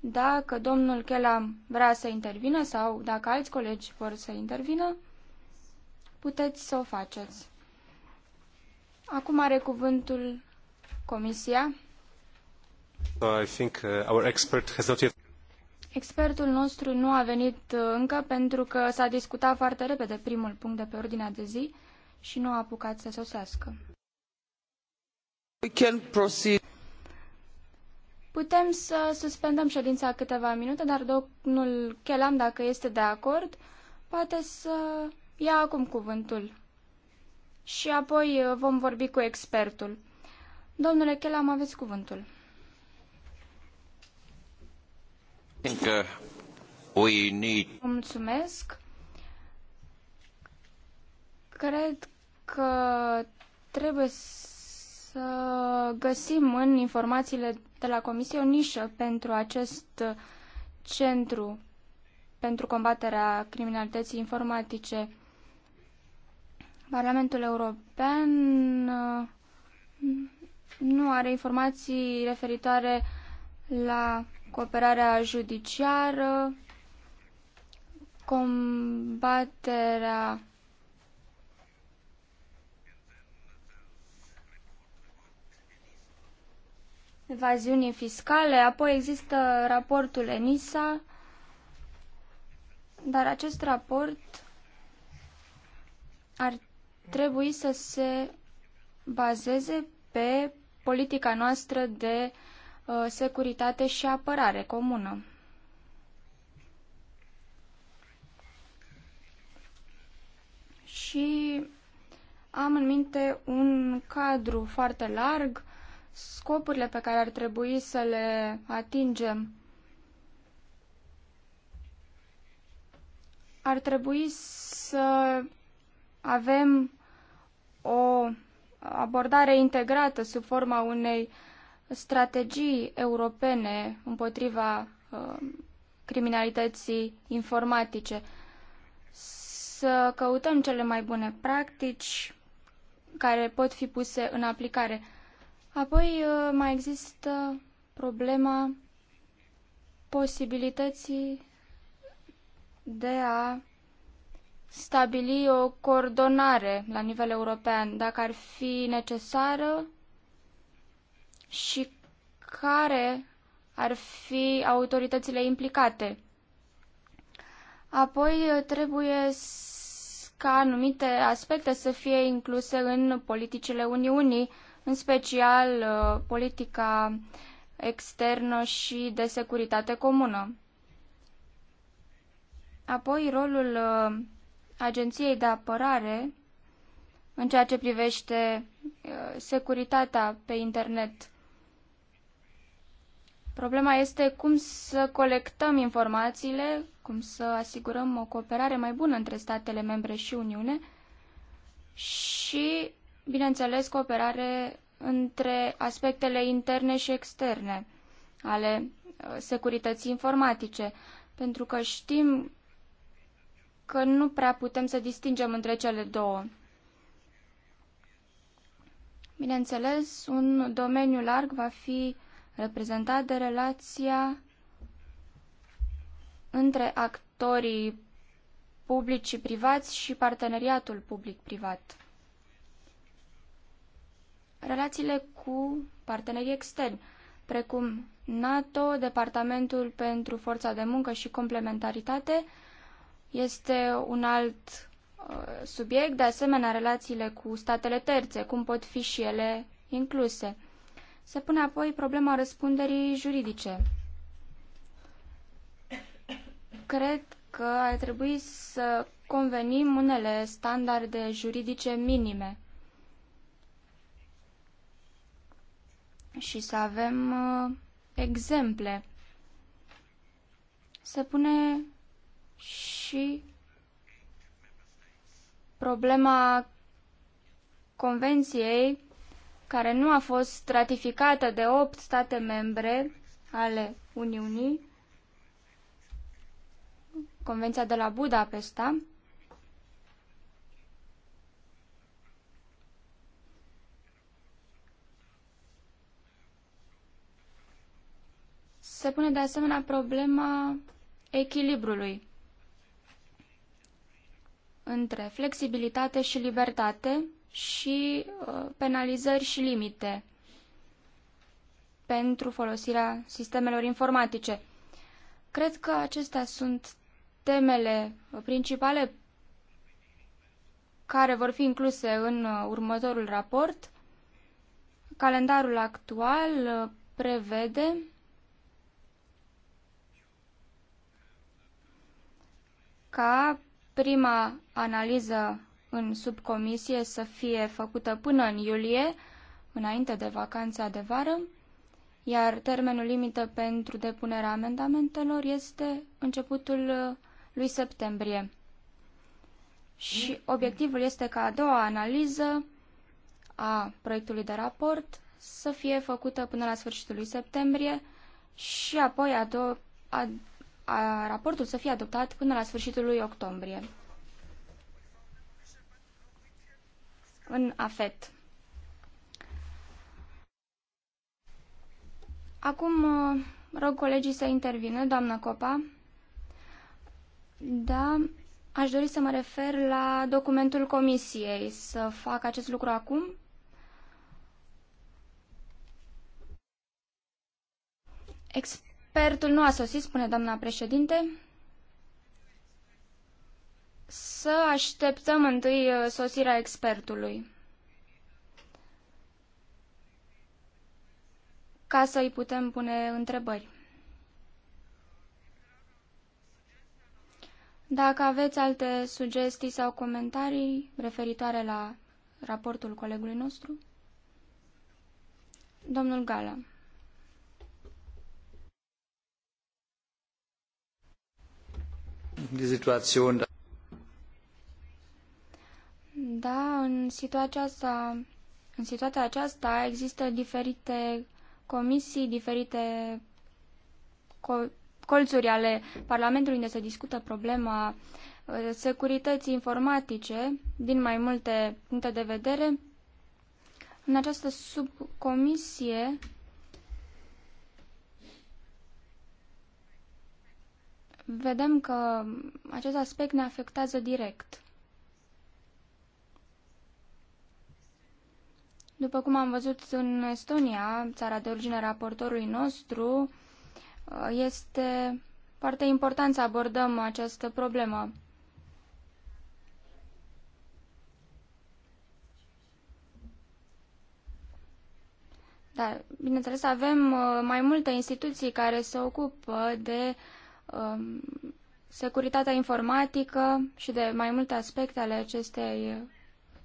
dacă domnul Chelam vrea să intervină sau dacă alți colegi vor să intervină, puteți să o faceți. Acum are cuvântul Comisia. Uh, expertul nostru nu a venit uh, încă pentru că s-a discutat foarte repede primul punct de pe ordinea de zi și nu a apucat să sosească. Putem să suspendăm ședința câteva minute, dar domnul Chelam, dacă este de acord, poate să ia acum cuvântul. Și apoi uh, vom vorbi cu expertul. Domnule Chelam, aveți cuvântul. Mulțumesc. Cred că trebuie să găsim în informațiile de la Comisie o nișă pentru acest centru pentru combaterea criminalității informatice. Parlamentul European uh, nu are informații referitoare la cooperarea judiciară, combaterea evaziunii fiscale, apoi există raportul ENISA, dar acest raport ar trebui să se bazeze pe politica noastră de Uh, securitate și apărare comună. Și am în minte un cadru foarte larg, scopurile pe care ar trebui să le atingem. Ar trebui să avem o abordare integrată sub forma unei uh, strategii europene împotriva uh, criminalității informatice, să căutăm cele mai bune practici care pot fi puse în aplicare. Apoi uh, mai există problema posibilității de a stabili o coordonare la nivel european, dacă ar fi necesară și care ar fi autoritățile implicate. Apoi trebuie ca anumite aspecte să fie incluse în politicile Uniunii, în special uh, politica externă și de securitate comună. Apoi rolul uh, Agenției de Apărare în ceea ce privește uh, securitatea pe internet. Problema este cum să colectăm informațiile, cum să asigurăm o cooperare mai bună între statele membre și Uniune și, bineînțeles, cooperare între aspectele interne și externe ale uh, securității informatice, pentru că știm că nu prea putem să distingem între cele două. Bineînțeles, un domeniu larg va fi reprezentat de relația între actorii publici și privați și parteneriatul public-privat. Relațiile cu partenerii externi, precum NATO, Departamentul pentru Forța de Muncă și Complementaritate, este un alt uh, subiect, de asemenea relațiile cu statele terțe, cum pot fi și ele incluse. Se pune apoi problema răspunderii juridice. Cred că ar trebui să convenim unele standarde juridice minime și să avem uh, exemple. Se pune și problema convenției care nu a fost ratificată de opt state membre ale Uniunii, Convenția de la Budapesta, se pune de asemenea problema echilibrului între flexibilitate și libertate și uh, penalizări și limite pentru folosirea sistemelor informatice. Cred că acestea sunt temele principale care vor fi incluse în uh, următorul raport. Calendarul actual uh, prevede ca prima analiză în subcomisie să fie făcută până în iulie, înainte de vacanța de vară, iar termenul limită pentru depunerea amendamentelor este începutul uh, lui septembrie. Și obiectivul este ca a doua analiză a proiectului de raport să fie făcută până la sfârșitul lui septembrie și apoi a, do- a, a, raportul să fie adoptat până la sfârșitul lui octombrie. în afet. Acum uh, rog colegii să intervină, doamnă Copa. Da, aș dori să mă refer la documentul comisiei. Să fac acest lucru acum? Expertul nu a sosit, spune doamna președinte să așteptăm întâi uh, sosirea expertului. ca să îi putem pune întrebări. Dacă aveți alte sugestii sau comentarii referitoare la raportul colegului nostru, domnul Gala. Die Situation da, în situația asta, în situația aceasta există diferite comisii, diferite co- colțuri ale Parlamentului unde se discută problema uh, securității informatice din mai multe puncte de vedere. În această subcomisie vedem că acest aspect ne afectează direct. După cum am văzut în Estonia, țara de origine a raportorului nostru, este foarte important să abordăm această problemă. Da, bineînțeles, avem uh, mai multe instituții care se ocupă de um, securitatea informatică și de mai multe aspecte ale acestei uh,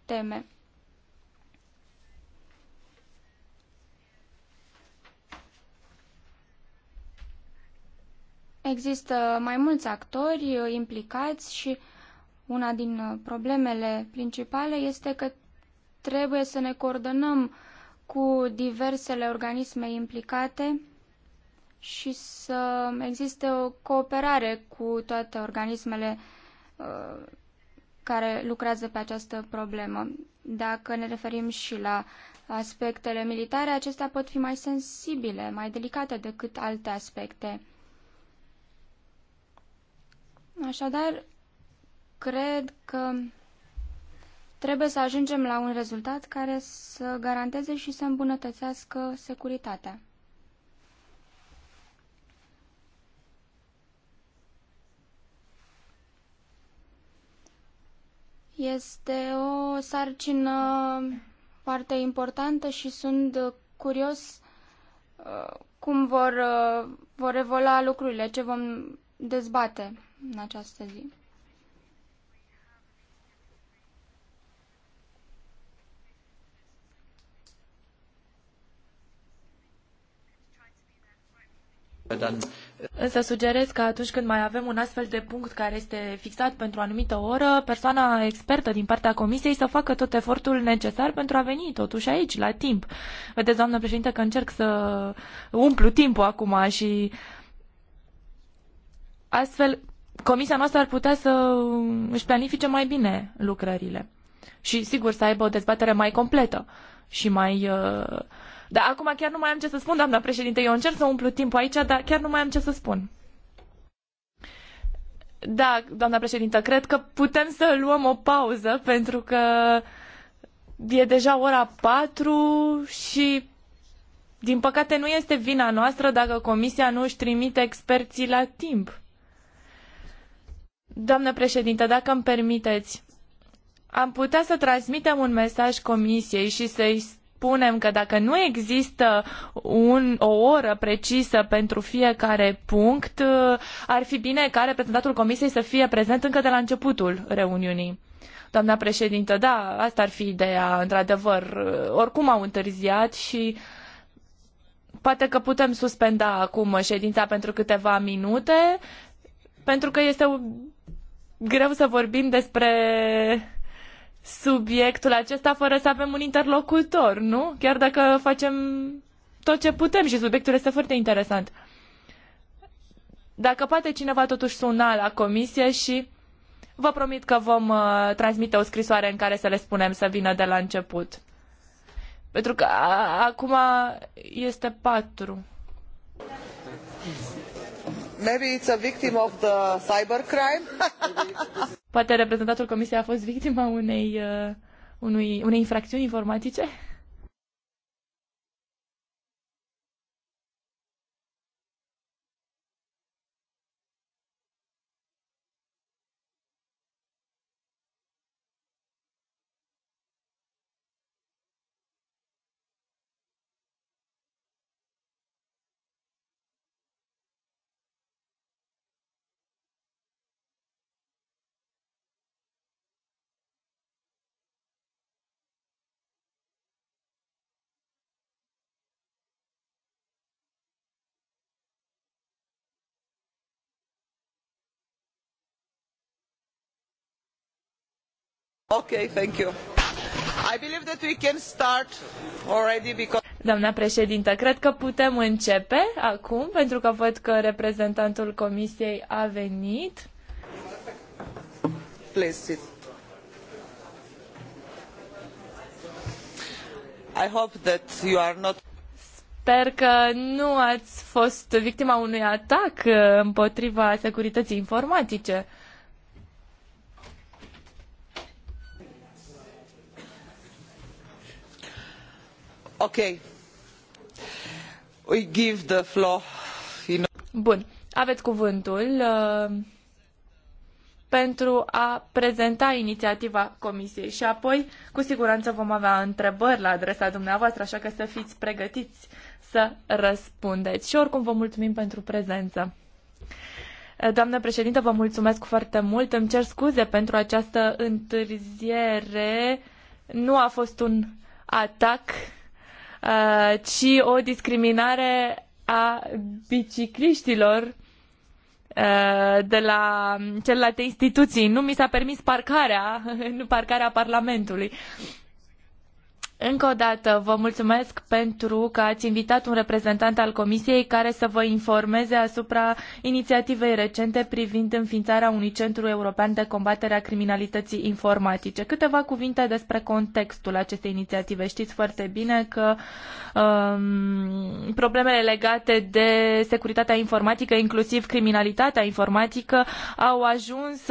teme. Există mai mulți actori uh, implicați și una din uh, problemele principale este că trebuie să ne coordonăm cu diversele organisme implicate și să existe o cooperare cu toate organismele uh, care lucrează pe această problemă. Dacă ne referim și la aspectele militare, acestea pot fi mai sensibile, mai delicate decât alte aspecte. Așadar, cred că trebuie să ajungem la un rezultat care să garanteze și să îmbunătățească securitatea. Este o sarcină foarte importantă și sunt curios uh, cum vor, uh, vor evolua lucrurile, ce vom dezbate în această zi. Însă sugerez că atunci când mai avem un astfel de punct care este fixat pentru o anumită oră, persoana expertă din partea comisiei să facă tot efortul necesar pentru a veni totuși aici, la timp. Vedeți, doamnă președinte, că încerc să umplu timpul acum și uh, Astfel, comisia noastră ar putea să își planifice mai bine lucrările și, sigur, să aibă o dezbatere mai completă și mai... Uh, dar acum chiar nu mai am ce să spun, doamna președinte. Eu încerc să umplu timpul aici, dar chiar nu mai am ce să spun. Da, doamna președintă, cred că putem să luăm o pauză pentru că e deja ora patru și din păcate nu este vina noastră dacă comisia nu își trimite experții la timp. Doamnă președintă, dacă îmi permiteți, am putea să transmitem un mesaj comisiei și să-i spunem că dacă nu există un, o oră precisă pentru fiecare punct, ar fi bine ca reprezentantul comisiei să fie prezent încă de la începutul reuniunii. Doamna președintă, da, asta ar fi ideea, într-adevăr. Oricum au întârziat și poate că putem suspenda acum ședința pentru câteva minute, pentru că este greu să vorbim despre subiectul acesta fără să avem un interlocutor, nu? Chiar dacă facem tot ce putem și subiectul este foarte interesant. Dacă poate cineva totuși suna la comisie și vă promit că vom uh, transmite o scrisoare în care să le spunem să vină de la început. Pentru că a, acum este patru. Maybe it's a victim of the cybercrime. Poate reprezentantul comisiei a fost victima unei, uh, unui, unei infracțiuni informatice? Okay, Doamna președintă, cred că putem începe acum, pentru că văd că reprezentantul comisiei a venit. I hope that you are not... Sper că nu ați fost victima unui atac împotriva securității informatice. We give the floor. Bun, aveți cuvântul uh, pentru a prezenta inițiativa Comisiei și apoi, cu siguranță, vom avea întrebări la adresa dumneavoastră, așa că să fiți pregătiți să răspundeți. Și oricum vă mulțumim pentru prezență. Uh, doamnă președintă, vă mulțumesc foarte mult. Îmi cer scuze pentru această întârziere. Nu a fost un atac Uh, ci o discriminare a bicicliștilor uh, de la celelalte instituții. Nu mi s-a permis parcarea, parcarea Parlamentului. Uh, încă o dată vă mulțumesc pentru că ați invitat un reprezentant al Comisiei care să vă informeze asupra inițiativei recente privind înființarea unui centru european de combatere a criminalității informatice. Câteva cuvinte despre contextul acestei inițiative. Știți foarte bine că um, problemele legate de securitatea informatică, inclusiv criminalitatea informatică, au ajuns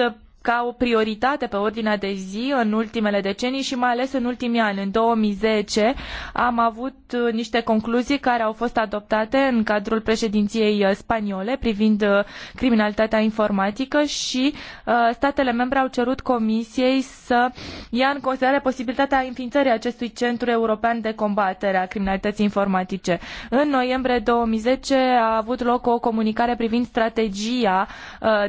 ca o prioritate pe ordinea de zi în ultimele decenii și mai ales în ultimii ani. În 2010 am avut uh, niște concluzii care au fost adoptate în cadrul președinției uh, spaniole privind uh, criminalitatea informatică și statele membre au cerut Comisiei să ia în considerare posibilitatea înființării acestui centru european de combatere a criminalității informatice. În noiembrie 2010 a avut loc o comunicare privind strategia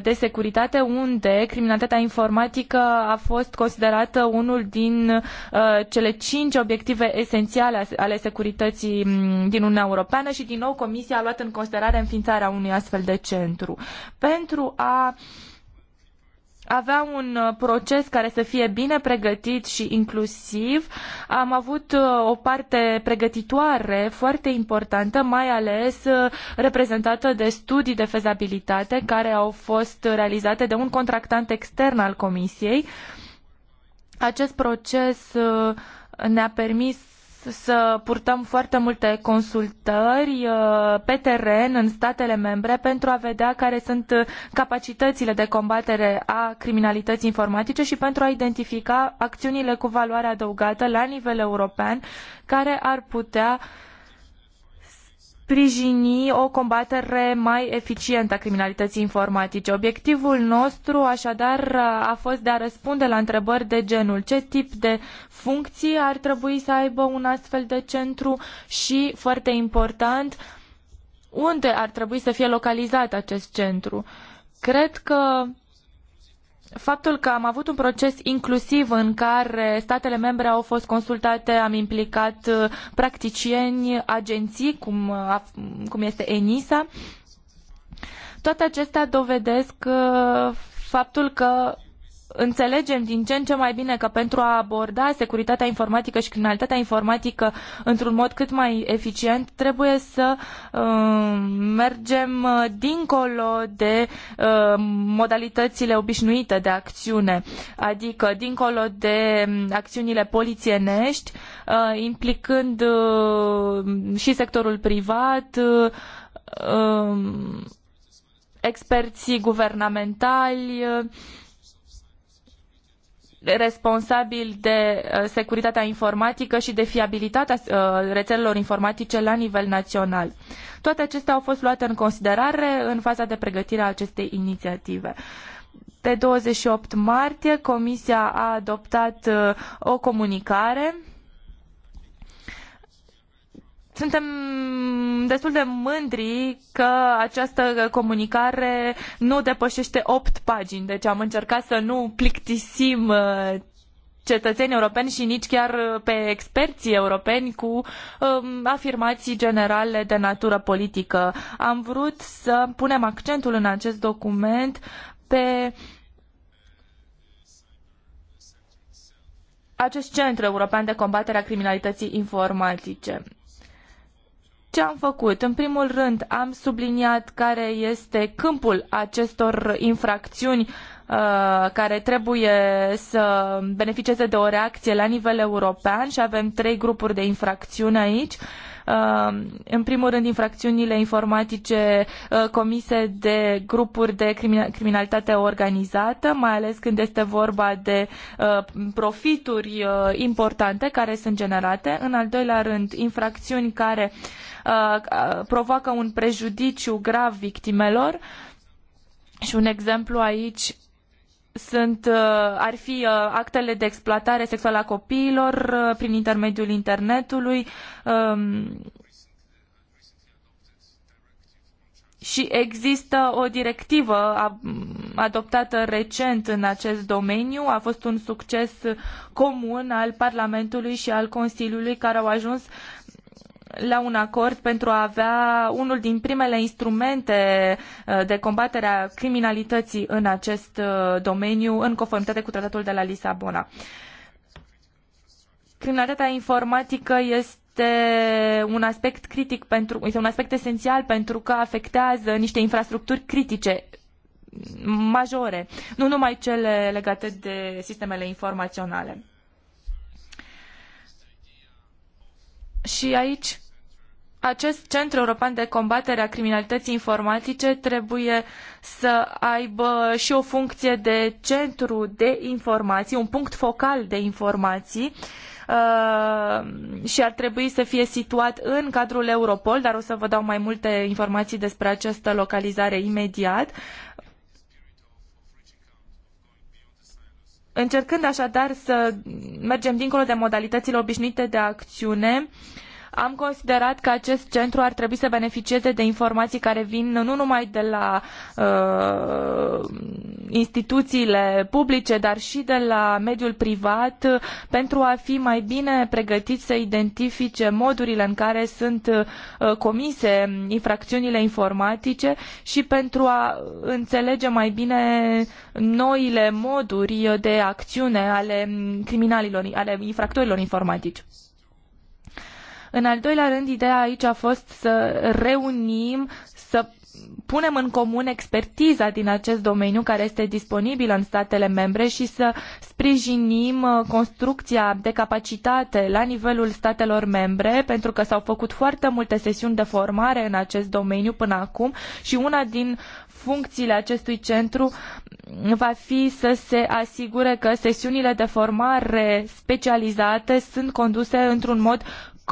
de securitate unde criminalitatea securitatea informatică a fost considerată unul din uh, cele cinci obiective esențiale ale securității mm, din Uniunea Europeană și din nou Comisia a luat în considerare înființarea unui astfel de centru. Pentru a uh, avea un uh, proces care să fie bine pregătit și inclusiv. Am avut uh, o parte pregătitoare foarte importantă, mai ales uh, reprezentată de studii de fezabilitate care au fost realizate de un contractant extern al Comisiei. Acest proces ne-a permis să purtăm foarte multe consultări uh, pe teren în statele membre pentru a vedea care sunt uh, capacitățile de combatere a criminalității informatice și pentru a identifica acțiunile cu valoare adăugată la nivel european care ar putea uh, sprijini o combatere mai eficientă a criminalității informatice. Obiectivul nostru, așadar, a fost de a răspunde la întrebări de genul ce tip de funcții ar trebui să aibă un astfel de centru și, foarte important, unde ar trebui să fie localizat acest centru. Cred că faptul că am avut un proces inclusiv în care statele membre au fost consultate, am implicat uh, practicieni, agenții, cum, uh, cum este ENISA, toate acestea dovedesc uh, faptul că înțelegem din ce în ce mai bine că pentru a aborda securitatea informatică și criminalitatea informatică într-un mod cât mai eficient, trebuie să um, uh, mergem dincolo de uh, modalitățile obișnuite de acțiune, adică dincolo de um, acțiunile polițienești, uh, implicând uh, și sectorul privat, uh, experții guvernamentali, uh, responsabil de uh, securitatea informatică și de fiabilitatea uh, rețelelor informatice la nivel național. Toate acestea au fost luate în considerare în faza de pregătire a acestei inițiative. Pe 28 martie, Comisia a adoptat uh, o comunicare suntem destul de mândri că această comunicare nu depășește opt pagini, deci am încercat să nu plictisim uh, cetățeni europeni și nici chiar uh, pe experții europeni cu um, afirmații generale de natură politică. Am vrut să punem accentul în acest document pe acest centru european de combatere a criminalității informatice. Ce am făcut? În primul rând, am subliniat care este câmpul acestor infracțiuni uh, care trebuie să beneficieze de o reacție la nivel european și avem trei grupuri de infracțiuni aici. Uh, în primul rând, infracțiunile informatice uh, comise de grupuri de criminalitate organizată, mai ales când este vorba de uh, profituri importante care sunt generate. În al doilea rând, infracțiuni care provoacă un prejudiciu grav victimelor. Și un exemplu aici sunt, uh, ar fi uh, actele de exploatare sexuală a copiilor uh, prin intermediul internetului um, și există o directivă adoptată recent în acest domeniu. A fost un succes comun al Parlamentului și al Consiliului care au ajuns la un acord pentru a avea unul din primele instrumente uh, de combatere a criminalității în acest uh, domeniu, în conformitate cu tratatul de la Lisabona. Criminalitatea informatică este este un aspect critic pentru, este un aspect esențial pentru că afectează niște infrastructuri critice majore, nu numai cele legate de sistemele informaționale. Și aici acest centru european de combatere a criminalității informatice trebuie să aibă și o funcție de centru de informații, un punct focal de informații uh, și ar trebui să fie situat în cadrul Europol, dar o să vă dau mai multe informații despre această localizare imediat. Încercând așadar să mergem dincolo de modalitățile obișnuite de acțiune, uh, am considerat că acest centru ar trebui să beneficieze de informații care vin nu numai de la uh, instituțiile publice, dar și de la mediul privat, pentru a fi mai bine pregătiți să identifice modurile în care sunt uh, comise infracțiunile informatice și pentru a înțelege mai bine noile moduri de acțiune ale criminalilor, ale infractorilor informatici. În al doilea rând, ideea aici a fost să reunim, să punem în comun expertiza din acest domeniu care este disponibilă în statele membre și să sprijinim uh, construcția de capacitate la nivelul statelor membre, pentru că s-au făcut foarte multe sesiuni de formare în acest domeniu până acum și una din funcțiile acestui centru va fi să se asigure că sesiunile de formare specializate sunt conduse într-un mod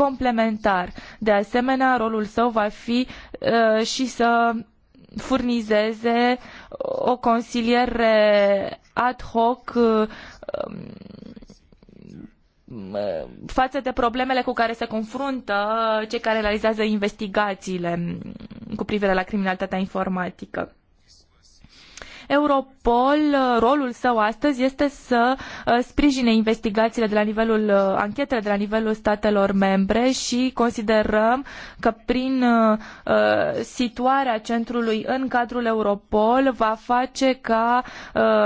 complementar. De asemenea, rolul său va fi uh, și să furnizeze o consiliere ad hoc uh, um, uh, față de problemele cu care se confruntă cei care realizează investigațiile cu privire la criminalitatea informatică. Europol, uh, rolul său astăzi este să uh, sprijine investigațiile de la nivelul, uh, anchetele de la nivelul statelor membre și considerăm că prin situarea centrului în cadrul Europol va face ca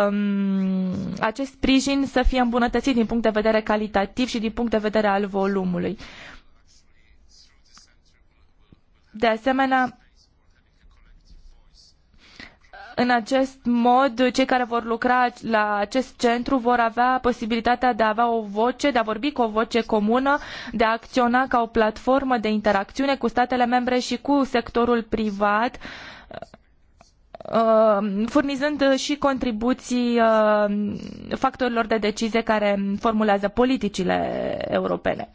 um, acest sprijin să fie îmbunătățit din punct de vedere calitativ și din punct de vedere al volumului. De asemenea, în acest mod, cei care vor lucra la acest centru vor avea posibilitatea de a avea o voce, de a vorbi cu o voce comună, de a acționa ca o platformă de interacțiune cu statele membre și cu sectorul privat, uh, furnizând și contribuții uh, factorilor de decizie care formulează politicile europene.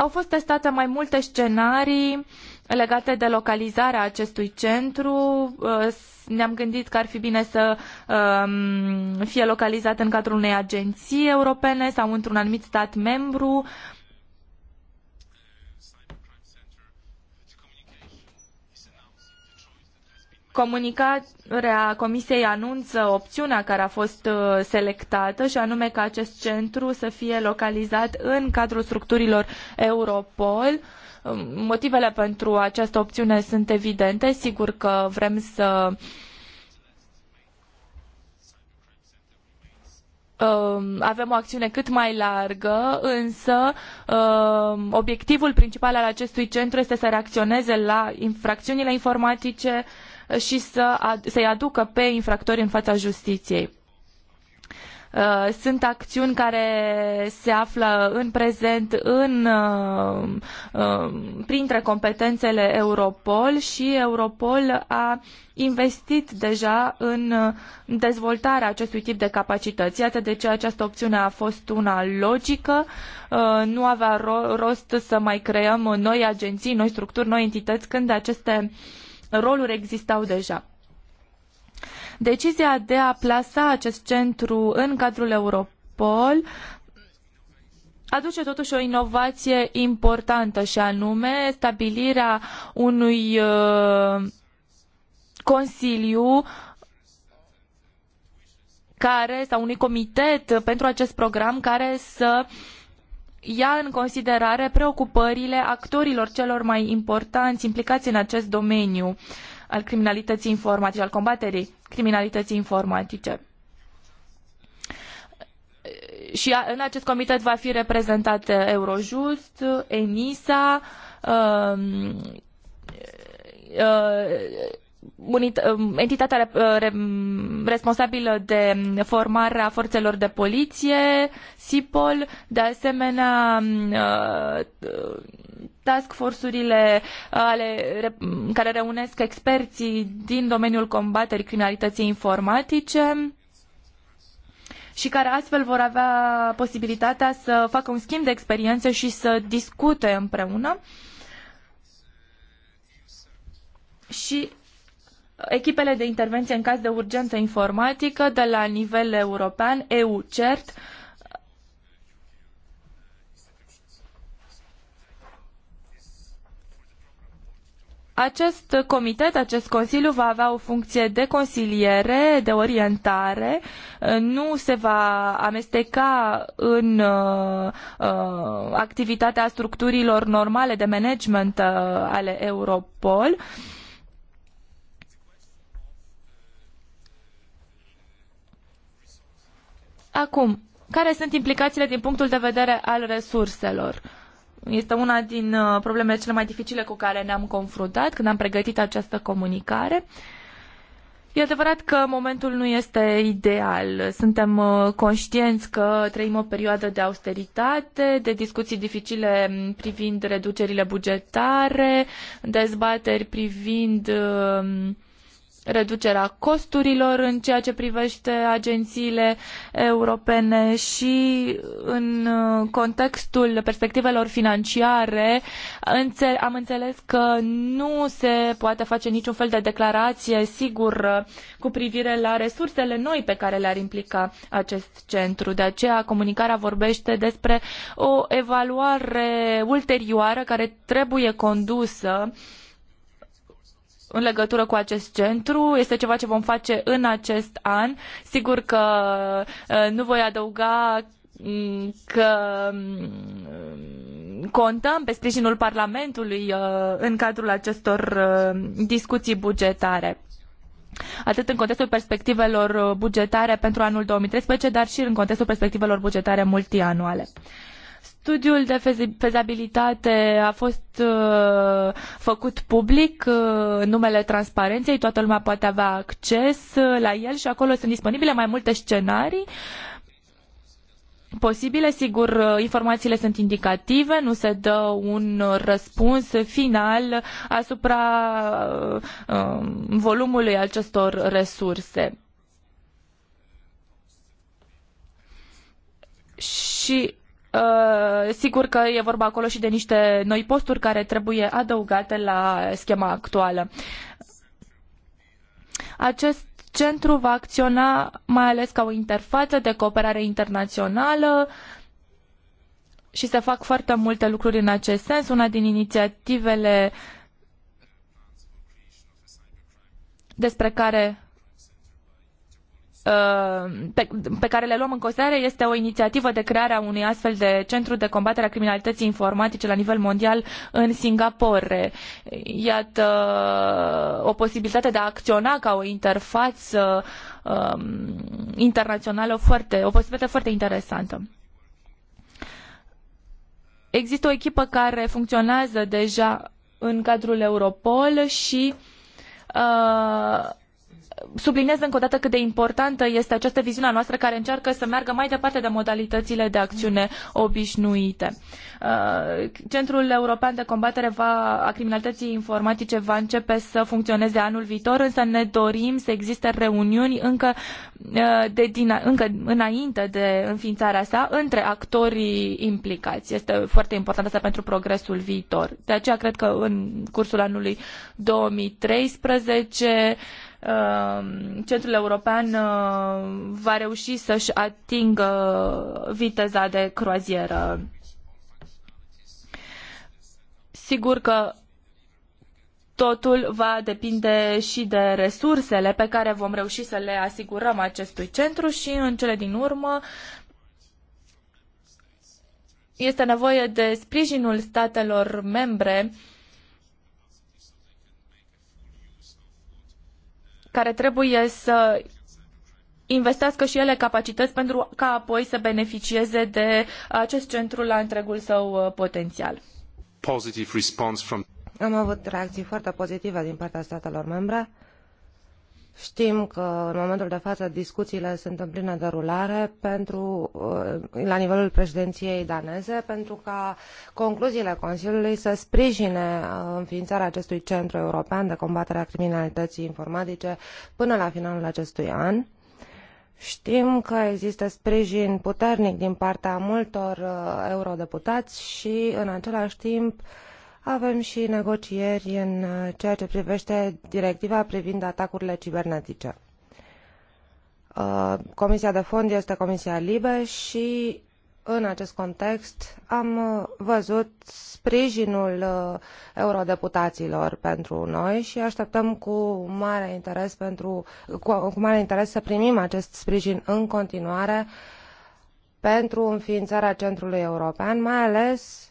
Au fost testate mai multe scenarii legate de localizarea acestui centru. Uh, ne-am gândit că ar fi bine să um, fie localizat în cadrul unei agenții europene sau într-un anumit stat membru. Uh, Comunicarea Comisiei anunță opțiunea care a fost uh, selectată și anume ca acest centru să fie localizat în cadrul structurilor Europol. Um, motivele pentru această opțiune sunt evidente. Sigur că vrem să um, avem o acțiune cât mai largă, însă um, obiectivul principal al acestui centru este să reacționeze la infracțiunile informatice, și să, să-i aducă pe infractori în fața justiției. Uh, sunt acțiuni care se află în prezent în, uh, uh, printre competențele Europol și Europol a investit deja în dezvoltarea acestui tip de capacități. Iată de ce această opțiune a fost una logică. Nu avea rost să mai creăm noi agenții, noi structuri, noi entități când aceste roluri existau deja. Decizia de a plasa acest centru în cadrul Europol aduce totuși o inovație importantă și anume stabilirea unui uh, consiliu care, sau unui comitet pentru acest program care să uh, ia în considerare preocupările actorilor celor mai importanți implicați în acest domeniu al criminalității informatice, al combaterii criminalității informatice. Și în acest comitet va fi reprezentat Eurojust, ENISA, um, uh, uh, Uh, entitatea uh, responsabilă de formarea forțelor de poliție, SIPOL, de asemenea mm, uh, task force-urile care reunesc experții din domeniul combaterii criminalității informatice și care astfel vor avea posibilitatea să facă un schimb de experiențe și să discute împreună. Și echipele de intervenție în caz de urgență informatică de la nivel european, EU-CERT, Acest comitet, acest consiliu va avea o funcție de consiliere, de orientare, nu se va amesteca în uh, uh activitatea structurilor normale de management uh, ale Europol. Uh, Acum, care sunt implicațiile din punctul de vedere al resurselor? Este una din uh, problemele cele mai dificile cu care ne-am confruntat când am pregătit această comunicare. E adevărat că momentul nu este ideal. Suntem uh, conștienți că trăim o perioadă de austeritate, de discuții dificile mm, privind reducerile bugetare, dezbateri privind uh, reducerea costurilor în ceea ce privește agențiile europene și în uh, contextul perspectivelor financiare am înțeles că nu se poate face niciun fel de declarație sigură cu privire la resursele noi pe care le-ar implica acest centru. De aceea comunicarea vorbește despre o evaluare ulterioară care trebuie condusă uh, în legătură cu acest centru. Este ceva ce vom face în acest an. Sigur că uh, nu voi adăuga mm, că mm, contăm pe sprijinul Parlamentului uh, în cadrul acestor uh, discuții bugetare atât în contextul perspectivelor bugetare pentru anul 2013, dar și în contextul perspectivelor bugetare multianuale. Studiul de fezabilitate a fost uh, făcut public uh, în numele transparenței, toată lumea poate avea acces uh, la el și acolo sunt disponibile mai multe scenarii posibile. Sigur, uh, informațiile sunt indicative, nu se dă un răspuns final asupra uh, um, volumului acestor resurse. Și Uh, sigur că e vorba acolo și de niște noi posturi care trebuie adăugate la schema actuală. Acest centru va acționa mai ales ca o interfață de cooperare internațională și se fac foarte multe lucruri în acest sens. Una din inițiativele despre care Uh, pe, pe care le luăm în considerare este o inițiativă de creare a unui astfel de centru de combatere a criminalității informatice la nivel mondial în Singapore. Iată uh, o posibilitate de a acționa ca o interfață um, internațională foarte, o posibilitate foarte interesantă. Există o echipă care funcționează deja în cadrul Europol și uh, subliniez încă o dată cât de importantă este această viziune a noastră care încearcă să meargă mai departe de modalitățile de acțiune obișnuite. Uh, Centrul European de Combatere va, a Criminalității Informatice va începe să funcționeze anul viitor, însă ne dorim să existe reuniuni încă, uh, de din, încă înainte de înființarea sa între actorii implicați. Este foarte important asta pentru progresul viitor. De aceea cred că în cursul anului 2013 Uh, centrul European uh, va reuși să-și atingă viteza de croazieră. Sigur că totul va depinde și de resursele pe care vom reuși să le asigurăm acestui centru și în cele din urmă este nevoie de sprijinul statelor membre uh, care trebuie să investească și ele capacități pentru ca apoi să beneficieze de acest centru la întregul său uh, potențial. Am avut reacții foarte pozitive din partea statelor membre. Știm că în momentul de față discuțiile sunt în plină derulare pentru, uh, la nivelul președinției daneze pentru ca concluziile Consiliului să sprijine uh, înființarea acestui centru european de combatere a criminalității informatice până la finalul acestui an. Știm că există sprijin puternic din partea multor uh, eurodeputați și în același timp uh, avem și negocieri în uh, ceea ce privește directiva privind atacurile cibernetice. Uh, Comisia de fond este Comisia Libe și în acest context am uh, văzut sprijinul eurodeputaților pentru noi și așteptăm cu mare interes, pentru, cu, cu mare interes să primim acest sprijin în continuare pentru înființarea Centrului European, mai ales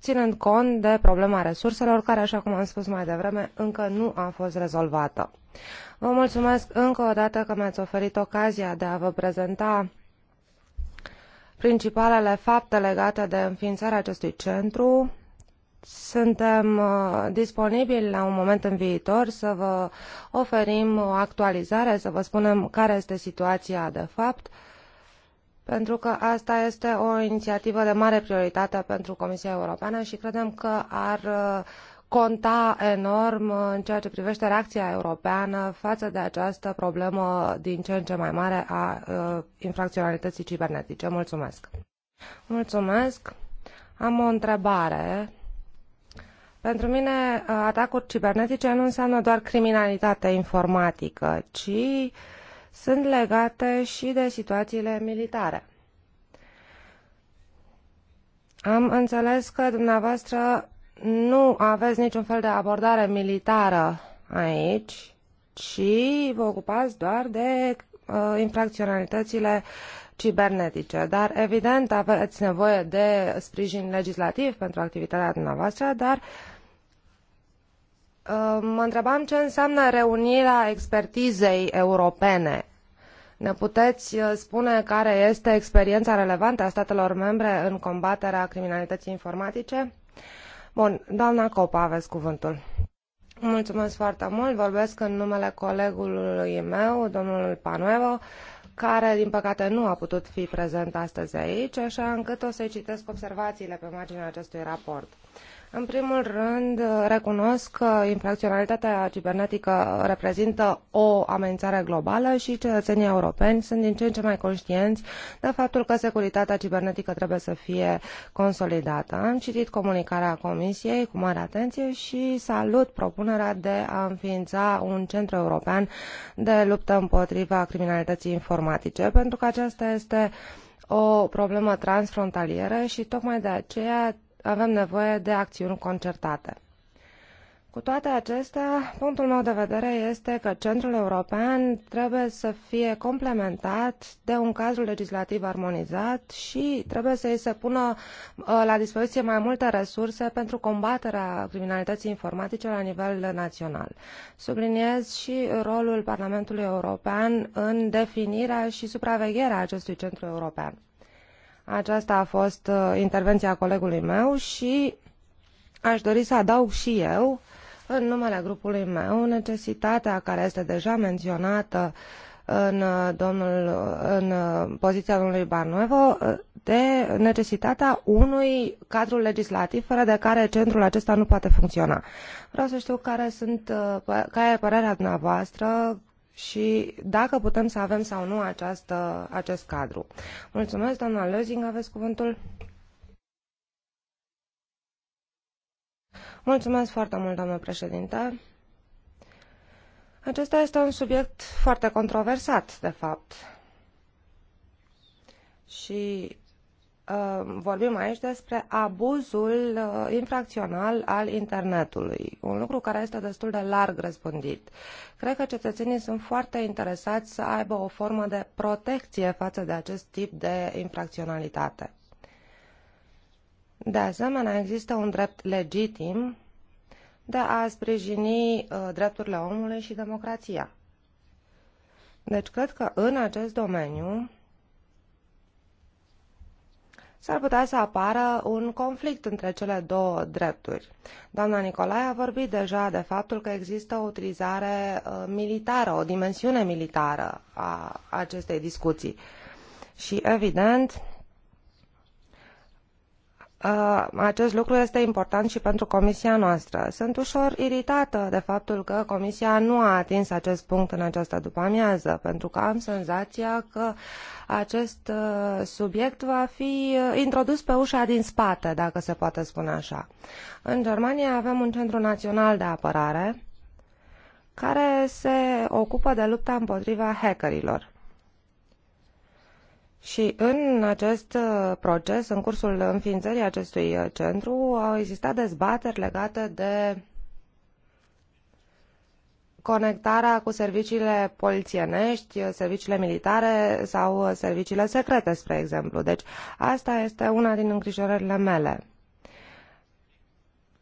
ținând cont de problema resurselor, care, așa cum am spus mai devreme, încă nu a fost rezolvată. Vă mulțumesc încă o dată că mi-ați oferit ocazia de a vă prezenta principalele fapte legate de înființarea acestui centru. Suntem uh, disponibili la un moment în viitor să vă oferim o actualizare, să vă spunem care este situația de fapt pentru că asta este o inițiativă de mare prioritate pentru Comisia Europeană și credem că ar uh, conta enorm uh, în ceea ce privește reacția europeană față de această problemă din ce în ce mai mare a uh, infracționalității cibernetice. Mulțumesc! Mulțumesc! Am o întrebare. Pentru mine, atacuri cibernetice nu înseamnă doar criminalitate informatică, ci uh, sunt legate și de situațiile militare. Am înțeles că dumneavoastră nu aveți niciun fel de abordare militară aici, ci vă ocupați doar de uh, infracționalitățile cibernetice. Dar, evident, aveți nevoie de sprijin legislativ pentru activitatea dumneavoastră, dar uh, Ă, mă întrebam ce înseamnă reunirea expertizei europene. Ne puteți ă, spune care este experiența relevantă a statelor membre în combaterea criminalității informatice? Bun, doamna Copa, aveți cuvântul. Mulțumesc foarte mult. Vorbesc în numele colegului meu, domnul Panuevo, care, din păcate, nu a putut fi prezent astăzi aici, așa încât o să-i citesc observațiile pe marginea acestui raport. În primul rând, recunosc că infracționalitatea cibernetică reprezintă o amenințare globală și cetățenii europeni sunt din ce în ce mai conștienți de faptul că securitatea cibernetică trebuie să fie consolidată. Am citit comunicarea Comisiei cu mare atenție și salut propunerea de a înființa un centru european de luptă împotriva criminalității informatice, pentru că aceasta este o problemă transfrontalieră și tocmai de aceea avem nevoie de acțiuni concertate. Cu toate acestea, punctul meu de vedere este că Centrul European trebuie să fie complementat de un cadru legislativ armonizat și trebuie să îi se pună uh, la dispoziție mai multe resurse pentru combaterea criminalității informatice la nivel național. Subliniez și rolul Parlamentului European în definirea și supravegherea acestui Centru European. Aceasta a fost uh, intervenția colegului meu și aș dori să adaug și eu, în numele grupului meu, necesitatea care este deja menționată în, uh, domnul, în uh, poziția domnului Barnuevo de necesitatea unui cadru legislativ fără de care centrul acesta nu poate funcționa. Vreau să știu care, sunt, care e părerea dumneavoastră și dacă putem să avem sau nu această, acest cadru. Mulțumesc, doamna Lozing, aveți cuvântul. Mulțumesc foarte mult, doamnă președinte. Acesta este un subiect foarte controversat, de fapt. Și Uh, vorbim aici despre abuzul uh, infracțional al internetului, un lucru care este destul de larg răspândit. Cred că cetățenii sunt foarte interesați să aibă o formă de protecție față de acest tip de infracționalitate. De asemenea, există un drept legitim de a sprijini uh, drepturile omului și democrația. Deci cred că în acest domeniu s-ar putea să apară un conflict între cele două drepturi. Doamna Nicolae a vorbit deja de faptul că există o utilizare uh, militară, o dimensiune militară a acestei discuții. Și, evident, acest lucru este important și pentru comisia noastră. Sunt ușor iritată de faptul că comisia nu a atins acest punct în această după-amiază, pentru că am senzația că acest subiect va fi introdus pe ușa din spate, dacă se poate spune așa. În Germania avem un centru național de apărare care se ocupă de lupta împotriva hackerilor. Și în acest uh, proces, în cursul înființării acestui uh, centru, au existat dezbateri legate de conectarea cu serviciile polițienești, serviciile militare sau uh, serviciile secrete, spre exemplu. Deci asta este una din îngrijorările mele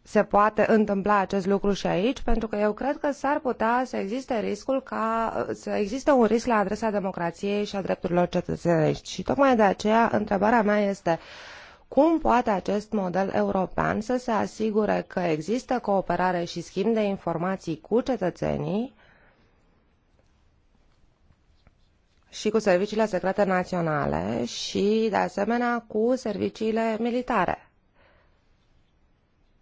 se poate întâmpla acest lucru și aici, pentru că eu cred că s-ar putea să existe riscul ca să existe un risc la adresa democrației și a drepturilor cetățenești. Și tocmai de aceea întrebarea mea este cum poate acest model european să se asigure că există cooperare și schimb de informații cu cetățenii și cu serviciile secrete naționale și, de asemenea, cu serviciile militare?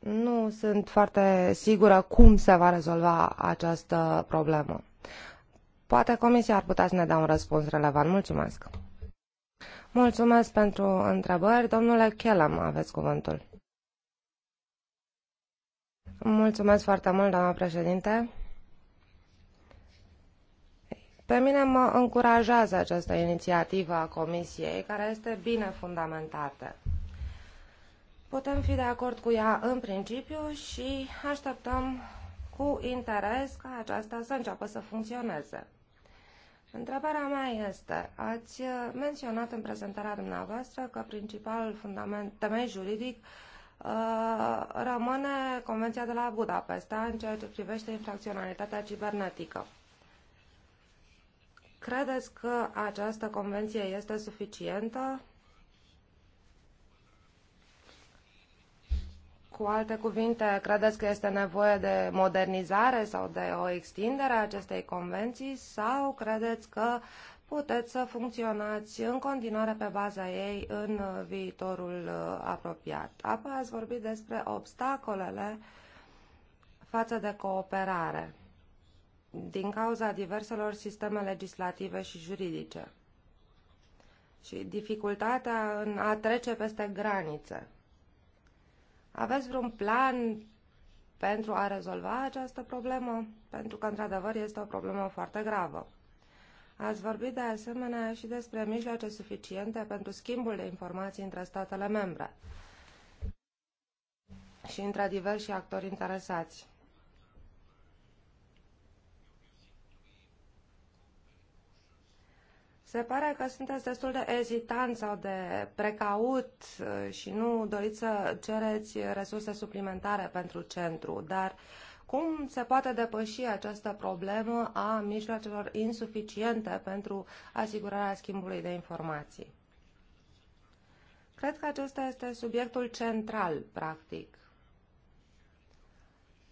nu sunt foarte sigură cum se va rezolva această problemă. Poate Comisia ar putea să ne dea un răspuns relevant. Mulțumesc! Mulțumesc pentru întrebări. Domnule Chelam, aveți cuvântul. Mulțumesc foarte mult, doamna președinte. Pe mine mă încurajează această inițiativă a Comisiei, care este bine fundamentată. Putem fi de acord cu ea în principiu și așteptăm cu interes ca aceasta să înceapă să funcționeze. Întrebarea mea este, ați menționat în prezentarea dumneavoastră că principalul fundament, temei juridic uh, rămâne Convenția de la Budapesta în ceea ce privește infracționalitatea cibernetică. Credeți că această convenție este suficientă Cu alte cuvinte, credeți că este nevoie de modernizare sau de o extindere a acestei convenții sau credeți că puteți să funcționați în continuare pe baza ei în viitorul uh, apropiat? Apoi ați vorbit despre obstacolele față de cooperare din cauza diverselor sisteme legislative și juridice și dificultatea în a trece peste granițe. Aveți vreun plan pentru a rezolva această problemă? Pentru că, într-adevăr, este o problemă foarte gravă. Ați vorbit de asemenea și despre mijloace suficiente pentru schimbul de informații între statele membre și între diversi actori interesați. Se pare că sunteți destul de ezitant sau de precaut uh, și nu doriți să cereți resurse suplimentare pentru centru, dar cum se poate depăși această problemă a mijloacelor insuficiente pentru asigurarea schimbului de informații? Cred că acesta este subiectul central, practic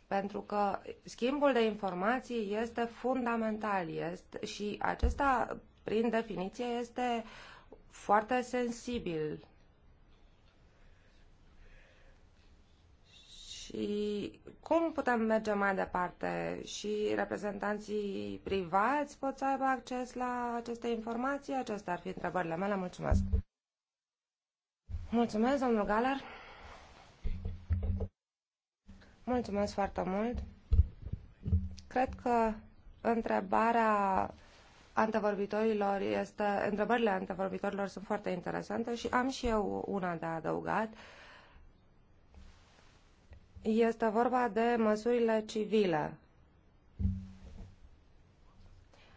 pentru că schimbul de informații este fundamental este, și acesta prin definiție, este foarte sensibil Și cum putem merge mai departe? Și reprezentanții privați pot să aibă acces la aceste informații? Acestea ar fi întrebările mele. Mulțumesc! Mulțumesc, domnul Galer! Mulțumesc foarte mult! Cred că întrebarea antevorbitorilor este, întrebările antevorbitorilor sunt foarte interesante și am și eu una de adăugat. Este vorba de măsurile civile.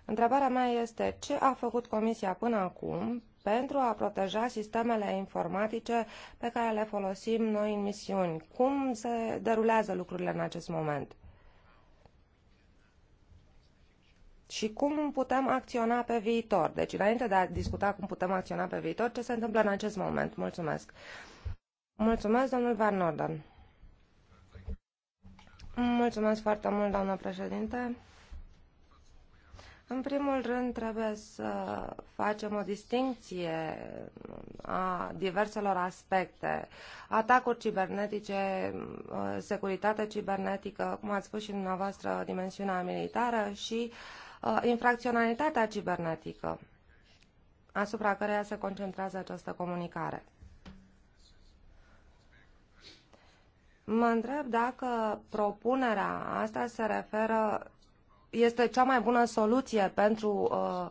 Întrebarea mea este ce a făcut Comisia până acum pentru a proteja sistemele informatice pe care le folosim noi în misiuni. Cum se derulează lucrurile în acest moment? și cum putem acționa pe viitor. Deci, înainte de a discuta cum putem acționa pe viitor, ce se întâmplă în acest moment? Mulțumesc. Mulțumesc, domnul Van Norden. Mulțumesc foarte mult, doamnă președinte. În primul rând, trebuie să facem o distinție a diverselor aspecte. Atacuri cibernetice, securitate cibernetică, cum ați spus și dumneavoastră, dimensiunea militară și uh, Uh, infracționalitatea cibernetică, asupra căreia se concentrează această comunicare. Mă întreb dacă propunerea asta se referă, este cea mai bună soluție pentru uh,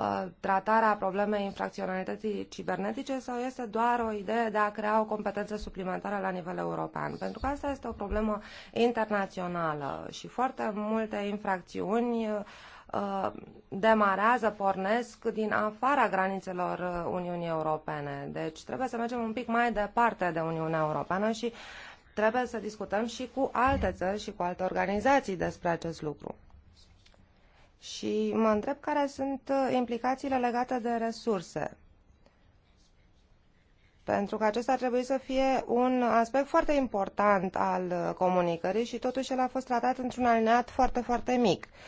uh, tratarea problemei infracționalității cibernetice sau este doar o idee de a crea o competență suplimentară la nivel european. Pentru că asta este o problemă internațională și foarte multe infracțiuni uh, Uh, demarează, pornesc din afara granițelor uh, Uniunii Europene. Deci trebuie să mergem un pic mai departe de Uniunea Europeană și trebuie să discutăm și cu alte țări și cu alte organizații despre acest lucru. Și mă întreb care sunt uh, implicațiile legate de resurse. Pentru că acesta ar trebui să fie un aspect foarte important al comunicării și totuși el a fost tratat într-un alineat foarte, foarte mic. Uh,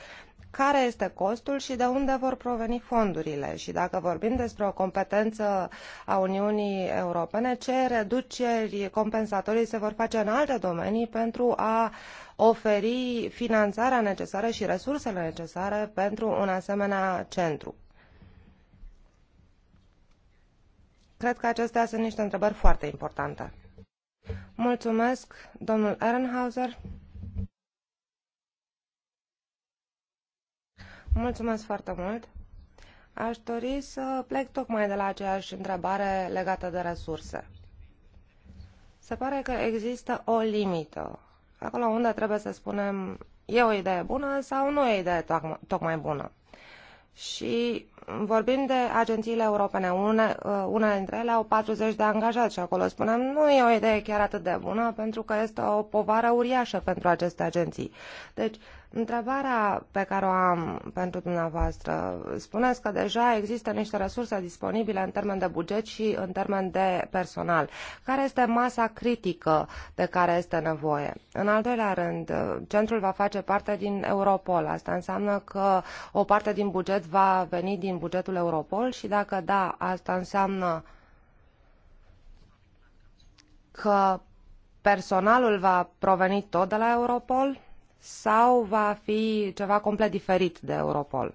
care este costul și de unde vor proveni fondurile. Și dacă vorbim despre o competență a Uniunii Europene, ce reduceri compensatorii se vor face în alte domenii pentru a oferi finanțarea necesară și resursele necesare pentru un asemenea centru? Cred că acestea sunt niște întrebări foarte importante. Mulțumesc, domnul Ehrenhauser. Mulțumesc foarte mult. Aș dori să plec tocmai de la aceeași întrebare legată de resurse. Se pare că există o limită. Acolo unde trebuie să spunem e o idee bună sau nu e o idee tocmai bună. Și vorbim de agențiile europene. Une, uh, unele dintre ele au 40 de angajați și acolo spunem nu e o idee chiar atât de bună pentru că este o povară uriașă pentru aceste agenții. Deci, întrebarea pe care o am pentru dumneavoastră, spuneți că deja există niște resurse disponibile în termen de buget și în termen de personal. Care este masa critică de care este nevoie? În al doilea rând, centrul va face parte din Europol. Asta înseamnă că o parte din buget va veni din din bugetul Europol și dacă da, asta înseamnă că personalul va proveni tot de la Europol sau va fi ceva complet diferit de Europol?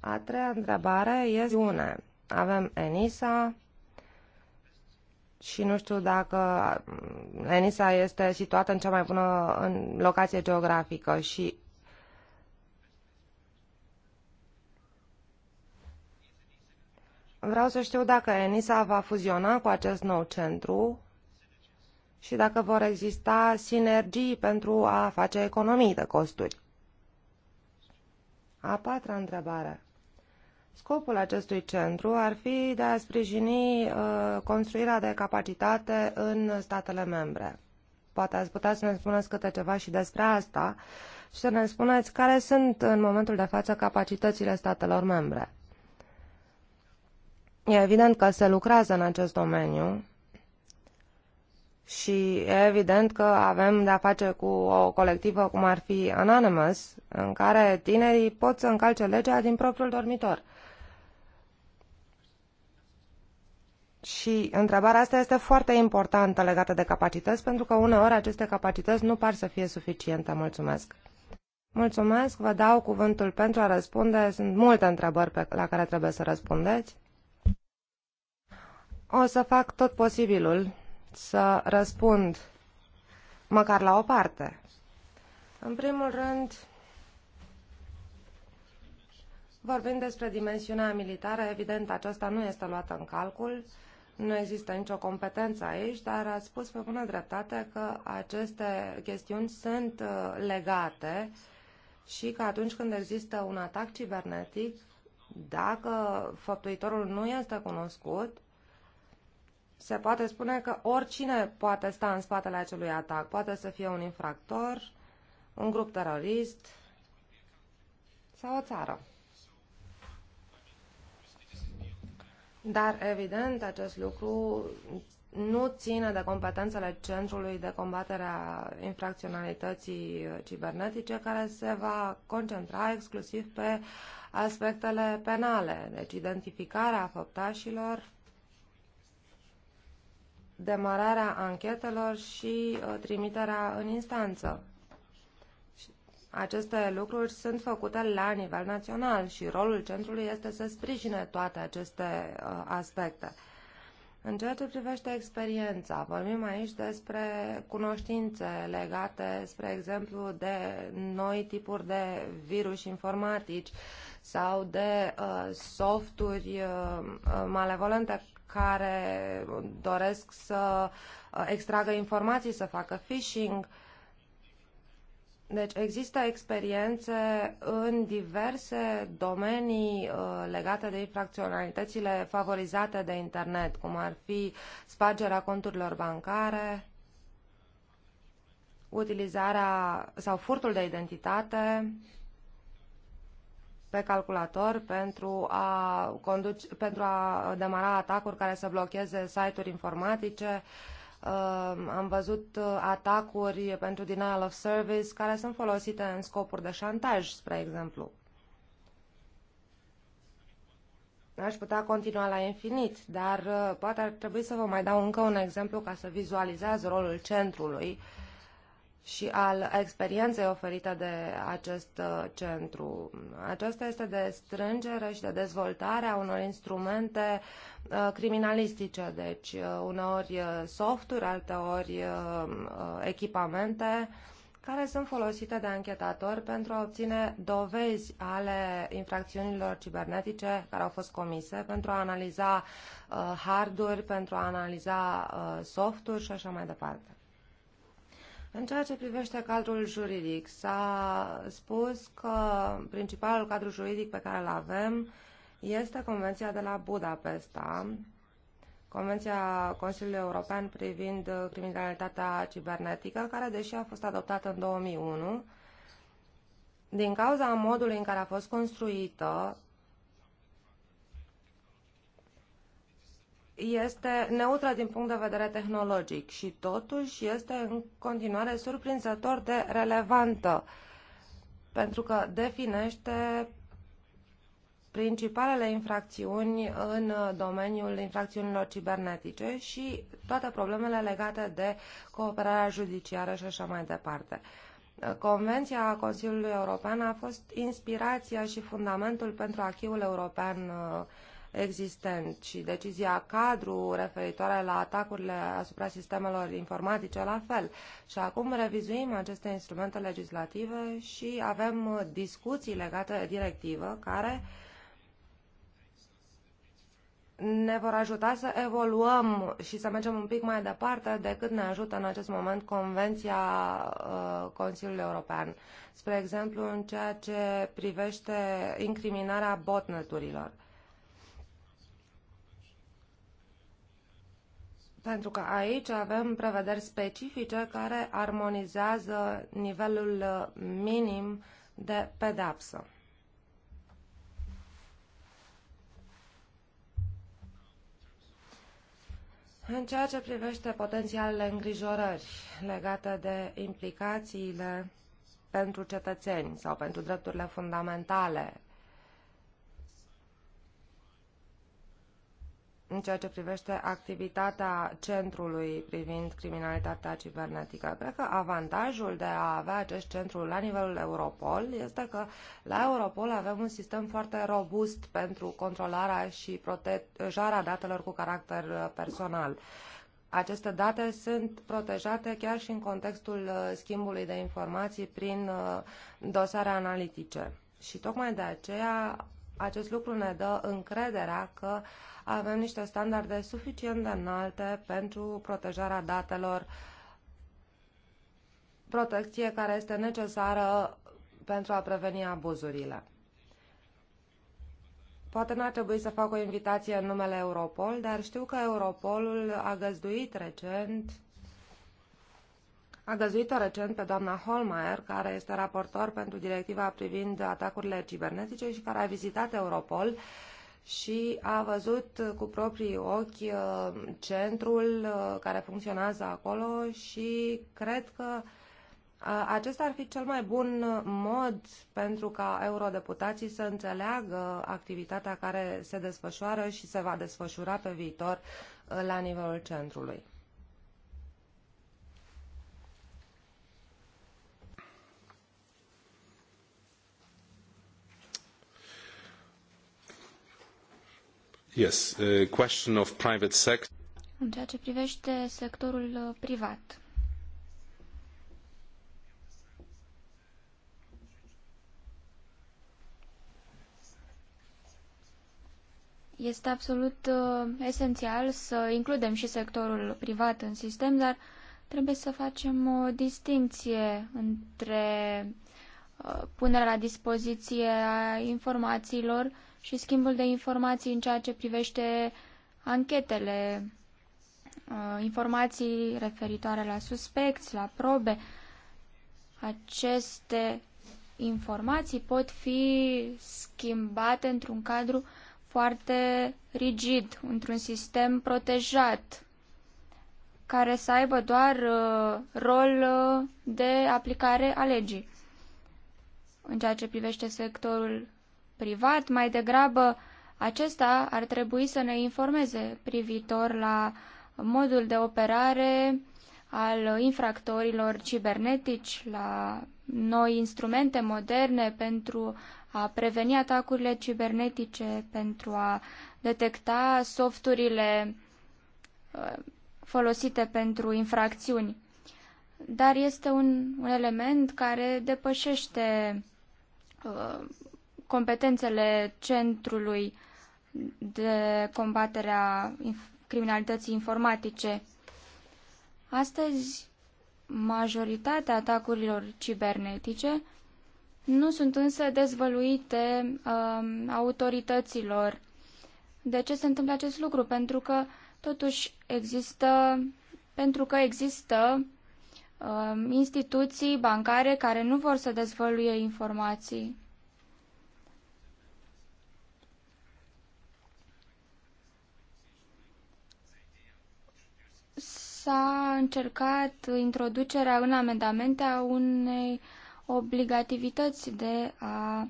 A treia întrebare este une. Avem ENISA și nu știu dacă ENISA este situată în cea mai bună în locație geografică și Vreau să știu dacă ENISA va fuziona cu acest nou centru și dacă vor exista sinergii pentru a face economii de costuri. A patra întrebare. Scopul acestui centru ar fi de a sprijini uh, construirea de capacitate în statele membre. Poate ați putea să ne spuneți câte ceva și despre asta și să ne spuneți care sunt în momentul de față capacitățile statelor membre. E evident că se lucrează în acest domeniu și e evident că avem de-a face cu o colectivă cum ar fi Anonymous, în care tinerii pot să încalce legea din propriul dormitor. Și întrebarea asta este foarte importantă legată de capacități, pentru că uneori aceste capacități nu par să fie suficiente. Mulțumesc! Mulțumesc, vă dau cuvântul pentru a răspunde. Sunt multe întrebări pe, la care trebuie să răspundeți. O să fac tot posibilul să răspund măcar la o parte. În primul rând, vorbind despre dimensiunea militară, evident aceasta nu este luată în calcul, nu există nicio competență aici, dar a spus pe bună dreptate că aceste chestiuni sunt uh, legate și că atunci când există un atac cibernetic, dacă făptuitorul nu este cunoscut, se poate spune că oricine poate sta în spatele acelui atac. Poate să fie un infractor, un grup terorist sau o țară. Dar, evident, acest lucru nu ține de competențele Centrului de Combatere a Infracționalității Cibernetice, care se va concentra exclusiv pe aspectele penale, deci identificarea făptașilor, demararea anchetelor și uh, trimiterea în instanță. Aceste lucruri sunt făcute la nivel național și rolul centrului este să sprijine toate aceste uh, aspecte. În ceea ce privește experiența, vorbim aici despre cunoștințe legate, spre exemplu, de noi tipuri de virus informatici sau de uh, softuri uh, uh malevolente care doresc să uh, extragă informații, să facă phishing. Deci există experiențe în diverse domenii uh, legate de infracționalitățile favorizate de internet, cum ar fi spargerea conturilor bancare, utilizarea sau furtul de identitate, pe calculator pentru a, conduce, pentru a demara atacuri care să blocheze site-uri informatice. Uh, am văzut uh, atacuri pentru denial of service care sunt folosite în scopuri de șantaj, spre exemplu. Aș putea continua la infinit, dar uh, poate ar trebui să vă mai dau încă un exemplu ca să vizualizează rolul centrului uh, și al experienței oferite de acest uh, centru. Aceasta este de strângere și de dezvoltare a unor instrumente uh, criminalistice, deci uh, uneori softuri, alteori echipamente care sunt folosite de anchetatori pentru a obține dovezi ale infracțiunilor cibernetice care au fost comise, pentru a analiza uh, harduri, pentru a analiza uh, softuri și așa mai departe. În ceea ce privește cadrul juridic, s-a spus că principalul cadru juridic pe care îl avem este Convenția de la Budapesta, Convenția Consiliului European privind criminalitatea cibernetică, care, deși a fost adoptată în 2001, din cauza modului în care a fost construită, este neutră din punct de vedere tehnologic și totuși este în continuare surprinzător de relevantă pentru că definește principalele infracțiuni în domeniul infracțiunilor cibernetice și toate problemele legate de cooperarea judiciară și așa mai departe. Convenția Consiliului European a fost inspirația și fundamentul pentru achiul european uh, existent și decizia cadru referitoare la atacurile asupra sistemelor informatice la fel. Și acum revizuim aceste instrumente legislative și avem discuții legate de directivă care ne vor ajuta să evoluăm și să mergem un pic mai departe decât ne ajută în acest moment Convenția uh, Consiliului European. Spre exemplu, în ceea ce privește incriminarea botneturilor. Pentru că aici avem prevederi specifice care armonizează nivelul uh, minim de pedapsă. În ceea ce privește potențialele îngrijorări legate de implicațiile pentru cetățeni sau pentru drepturile fundamentale în ceea ce privește activitatea centrului privind criminalitatea cibernetică. Cred că avantajul de a avea acest centru la nivelul Europol este că la Europol avem un sistem foarte robust pentru controlarea și protejarea datelor cu caracter uh, personal. Aceste date sunt protejate chiar și în contextul uh, schimbului de informații prin uh, dosare analitice. Și tocmai de aceea acest lucru ne dă încrederea că avem niște standarde suficient de înalte pentru protejarea datelor, protecție care este necesară pentru a preveni abuzurile. Poate n-ar trebui să fac o invitație în numele Europol, dar știu că Europolul a găzduit recent a găzuit-o recent pe doamna Holmeier, care este raportor pentru directiva privind atacurile cibernetice și care a vizitat Europol și a văzut cu proprii ochi uh, centrul uh, care funcționează acolo și cred că uh, acesta ar fi cel mai bun mod pentru ca eurodeputații să înțeleagă activitatea care se desfășoară și se va desfășura pe viitor la nivelul centrului. Yes, uh, question of private sector. În ceea ce privește sectorul uh, privat. Este absolut uh, esențial să includem și sectorul privat în sistem, dar trebuie să facem o distinție între uh, punerea la dispoziție a informațiilor uh, și schimbul de informații în ceea ce privește anchetele, uh, informații referitoare la suspecți, la probe. Aceste informații pot fi schimbate într-un cadru foarte rigid, într-un sistem protejat, care să aibă doar uh, rol uh, de aplicare a legii. În ceea ce privește sectorul privat, mai degrabă acesta ar trebui să ne informeze privitor la modul de operare al infractorilor cibernetici, la noi instrumente moderne pentru a preveni atacurile cibernetice, pentru a detecta softurile uh, folosite pentru infracțiuni. Dar este un, un element care depășește uh, competențele Centrului de combatere a criminalității informatice. Astăzi, majoritatea atacurilor cibernetice nu sunt însă dezvăluite um, autorităților. De ce se întâmplă acest lucru? Pentru că totuși există, pentru că există um, instituții bancare care nu vor să dezvăluie informații. s-a încercat introducerea în amendamente a unei obligativități de a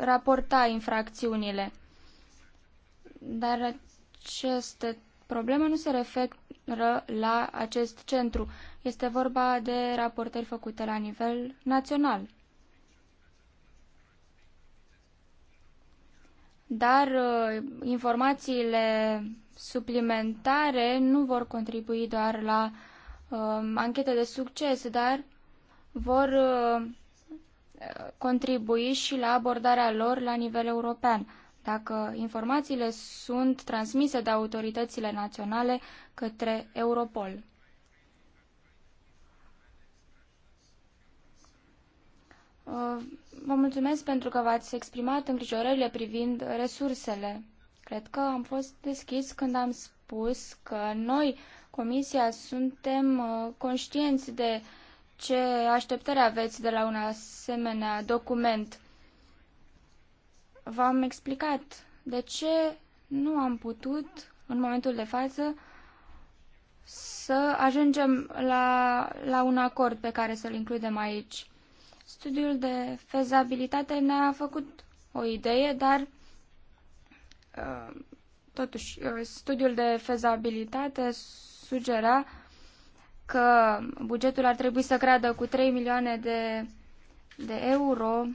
raporta infracțiunile. Dar aceste probleme nu se referă la acest centru. Este vorba de raportări făcute la nivel național. Dar uh, informațiile suplimentare nu vor contribui doar la uh, anchete de succes, dar vor uh, contribui și la abordarea lor la nivel european. Dacă informațiile sunt transmise de autoritățile naționale către Europol. Uh, vă mulțumesc pentru că v-ați exprimat îngrijorările privind resursele. Cred că am fost deschis când am spus că noi, Comisia, suntem uh, conștienți de ce așteptări aveți de la un asemenea document. V-am explicat de ce nu am putut, în momentul de față, să ajungem la, la un acord pe care să-l includem aici. Studiul de fezabilitate ne-a făcut o idee, dar Totuși, studiul de fezabilitate sugera că bugetul ar trebui să creadă cu 3 milioane de, de euro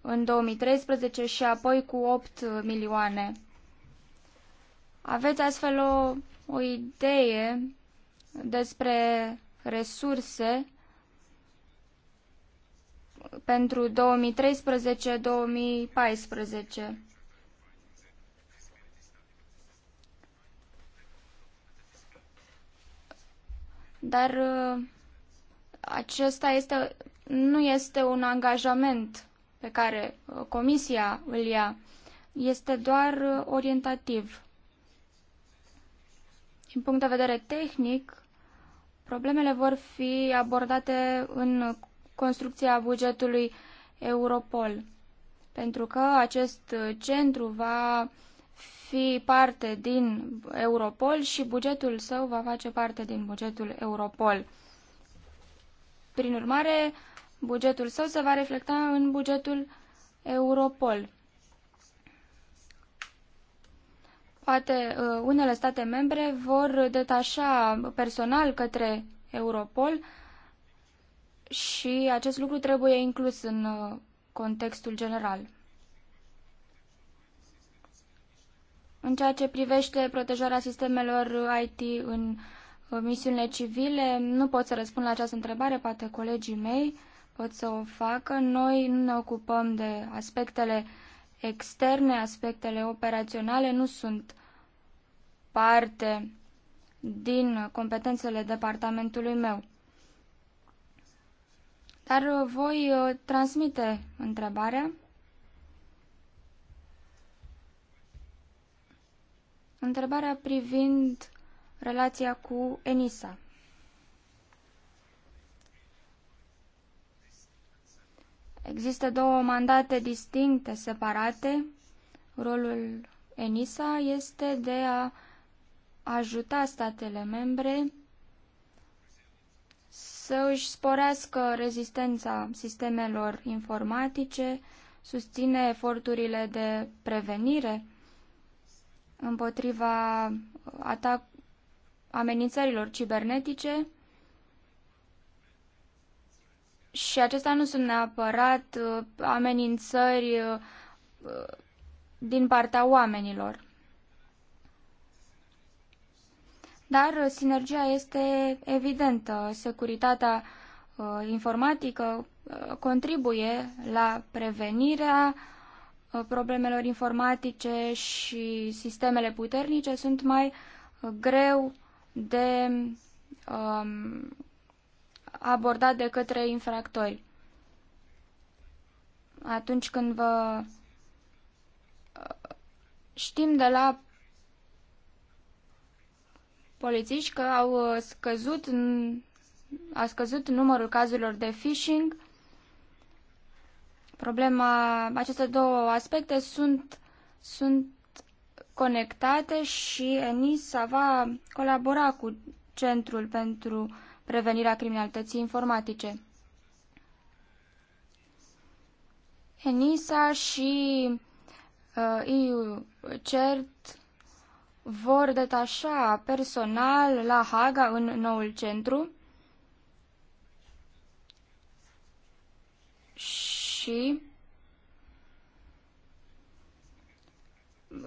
în 2013 și apoi cu 8 milioane. Aveți astfel o, o idee despre resurse pentru 2013-2014. dar uh, acesta este, nu este un angajament pe care uh, Comisia îl ia, este doar uh, orientativ. Din punct de vedere tehnic, problemele vor fi abordate în construcția bugetului Europol, pentru că acest centru va fi parte din Europol și bugetul său va face parte din bugetul Europol. Prin urmare, bugetul său se va reflecta în bugetul Europol. Poate uh, unele state membre vor detașa personal către Europol și acest lucru trebuie inclus în uh, contextul general. În ceea ce privește protejarea sistemelor IT în uh, misiunile civile, nu pot să răspund la această întrebare, poate colegii mei pot să o facă. Noi nu ne ocupăm de aspectele externe, aspectele operaționale nu sunt parte din competențele departamentului meu. Dar voi uh, transmite întrebarea. Întrebarea privind relația cu ENISA. Există două mandate distincte, separate. Rolul ENISA este de a ajuta statele membre să își sporească rezistența sistemelor informatice, susține eforturile de prevenire împotriva uh, atac amenințărilor cibernetice și acestea nu sunt neapărat uh, amenințări uh, din partea oamenilor. Dar sinergia este evidentă. Securitatea informatică contribuie la prevenirea uh, Uh, problemelor informatice și sistemele puternice sunt mai uh, greu de um, abordat de către infractori. Atunci când vă uh, știm de la polițiști că au scăzut, a scăzut numărul cazurilor de phishing Problema, aceste două aspecte sunt, sunt conectate și ENISA va colabora cu Centrul pentru Prevenirea Criminalității Informatice. ENISA și uh, EU-CERT vor detașa personal la Haga în noul centru și și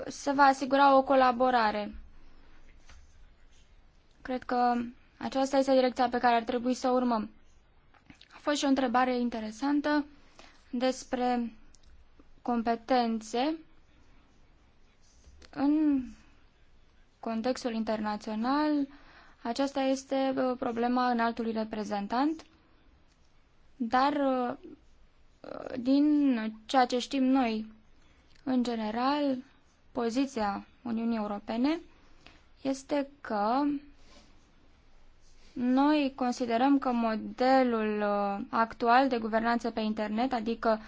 se va asigura o colaborare. Cred că aceasta este direcția pe care ar trebui să o urmăm. A fost și o întrebare interesantă despre competențe în contextul internațional. Aceasta este uh, problema înaltului reprezentant, dar uh, din ceea ce știm noi, în general, poziția Uniunii Europene este că noi considerăm că modelul uh, actual de guvernanță pe internet, adică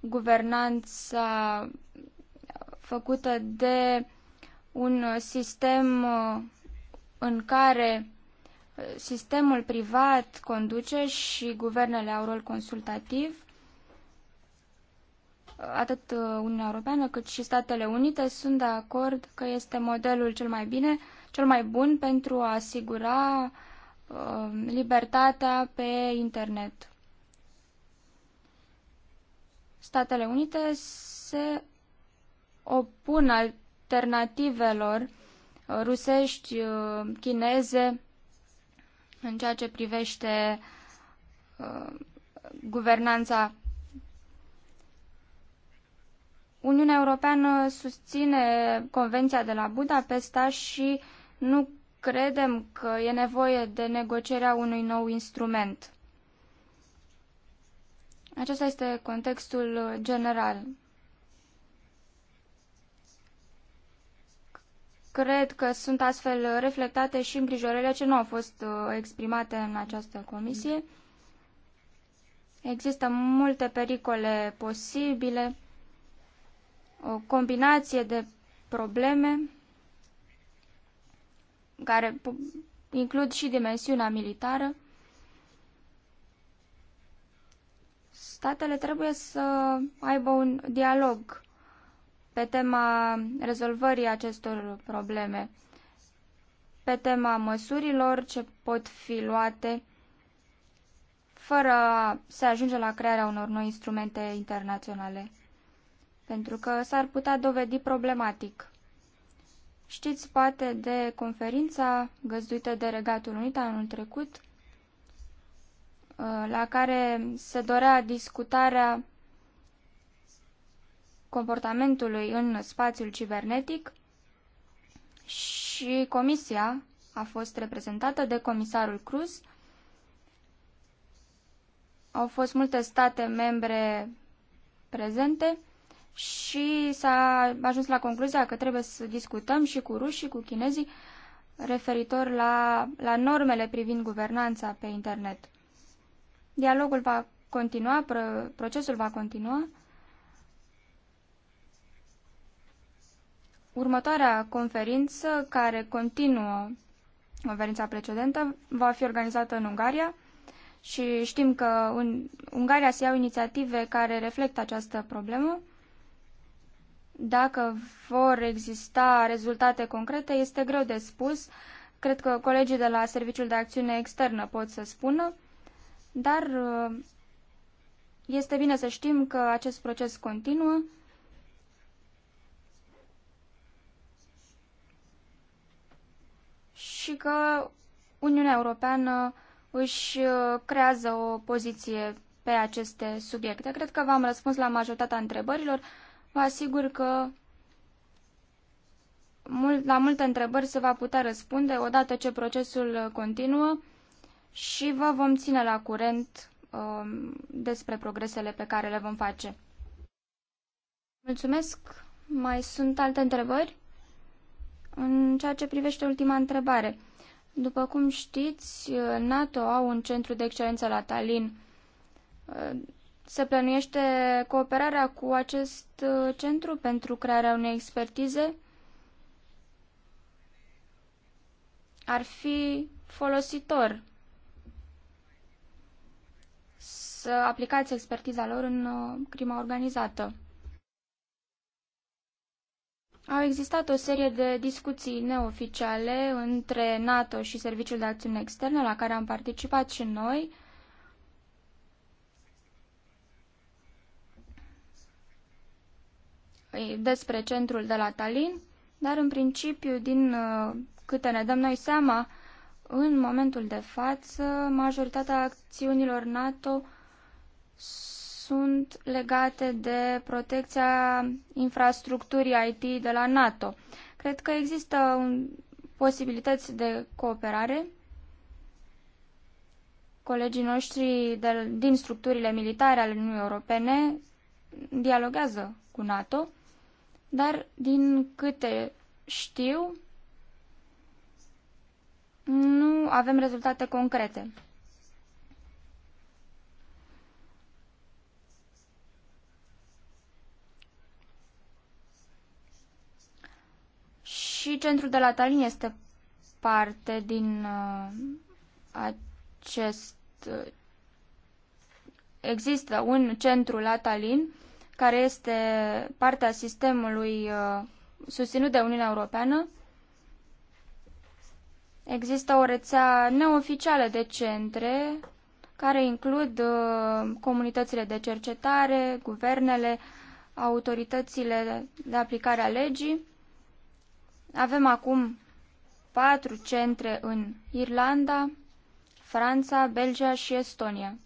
guvernanța făcută de un sistem uh, în care uh, sistemul privat conduce și guvernele au rol consultativ, atât Uniunea Europeană cât și Statele Unite sunt de acord că este modelul cel mai bine, cel mai bun pentru a asigura uh, libertatea pe internet. Statele Unite se opun alternativelor uh, rusești, uh, chineze, în ceea ce privește guvernanța Uniunea Europeană susține Convenția de la Budapesta și nu credem că e nevoie de negocierea unui nou instrument. Acesta este contextul general. Cred că sunt astfel reflectate și îngrijorările ce nu au fost uh, exprimate în această comisie. Există multe pericole posibile o combinație de probleme care includ și dimensiunea militară. Statele trebuie să aibă un dialog pe tema rezolvării acestor probleme, pe tema măsurilor ce pot fi luate fără să ajunge la crearea unor noi instrumente internaționale pentru că s-ar putea dovedi problematic. Știți poate de conferința găzduită de Regatul Unit anul trecut, uh, la care se dorea discutarea comportamentului în spațiul cibernetic și comisia a fost reprezentată de comisarul Cruz. Au fost multe state membre prezente și s-a ajuns la concluzia că trebuie să discutăm și cu rușii, cu chinezii, referitor la, la normele privind guvernanța pe internet. Dialogul va continua, procesul va continua. Următoarea conferință, care continuă conferința precedentă, va fi organizată în Ungaria și știm că în Ungaria se iau inițiative care reflectă această problemă. Dacă vor exista rezultate concrete, este greu de spus. Cred că colegii de la Serviciul de Acțiune Externă pot să spună, dar uh, este bine să știm că acest proces continuă. și că Uniunea Europeană își uh, creează o poziție pe aceste subiecte. Cred că v-am răspuns la majoritatea întrebărilor. Vă asigur că mult, la multe întrebări se va putea răspunde odată ce procesul continuă și vă vom ține la curent um, despre progresele pe care le vom face. Mulțumesc. Mai sunt alte întrebări? În ceea ce privește ultima întrebare, după cum știți, NATO au un centru de excelență la Tallinn se plănuiește cooperarea cu acest uh, centru pentru crearea unei expertize. Ar fi folositor să aplicați expertiza lor în uh, crima organizată. Au existat o serie de discuții neoficiale între NATO și Serviciul de Acțiune Externă, la care am participat și noi, despre centrul de la Tallinn, dar în principiu, din uh, câte ne dăm noi seama, în momentul de față, majoritatea acțiunilor NATO sunt legate de protecția infrastructurii IT de la NATO. Cred că există posibilități de cooperare. Colegii noștri de, din structurile militare ale Uniunii Europene dialoguează cu NATO dar, din câte știu, nu avem rezultate concrete. Și centrul de la Tallinn este parte din uh, acest. Uh, există un centru la Tallinn care este parte a sistemului uh, susținut de Uniunea Europeană, există o rețea neoficială de centre care includ uh, comunitățile de cercetare, guvernele, autoritățile de aplicare a legii. Avem acum patru centre în Irlanda, Franța, Belgia și Estonia.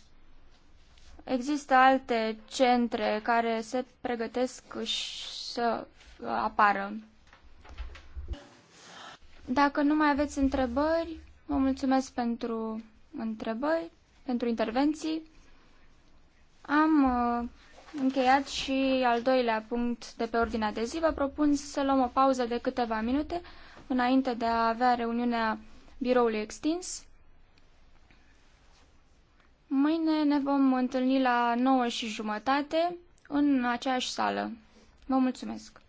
Există alte centre care se pregătesc și să apară. Dacă nu mai aveți întrebări, vă mulțumesc pentru întrebări, pentru intervenții. Am uh, încheiat și al doilea punct de pe ordinea de zi. Vă propun să luăm o pauză de câteva minute înainte de a avea reuniunea biroului extins. Mâine ne vom întâlni la 9 și jumătate în aceeași sală. Vă mulțumesc!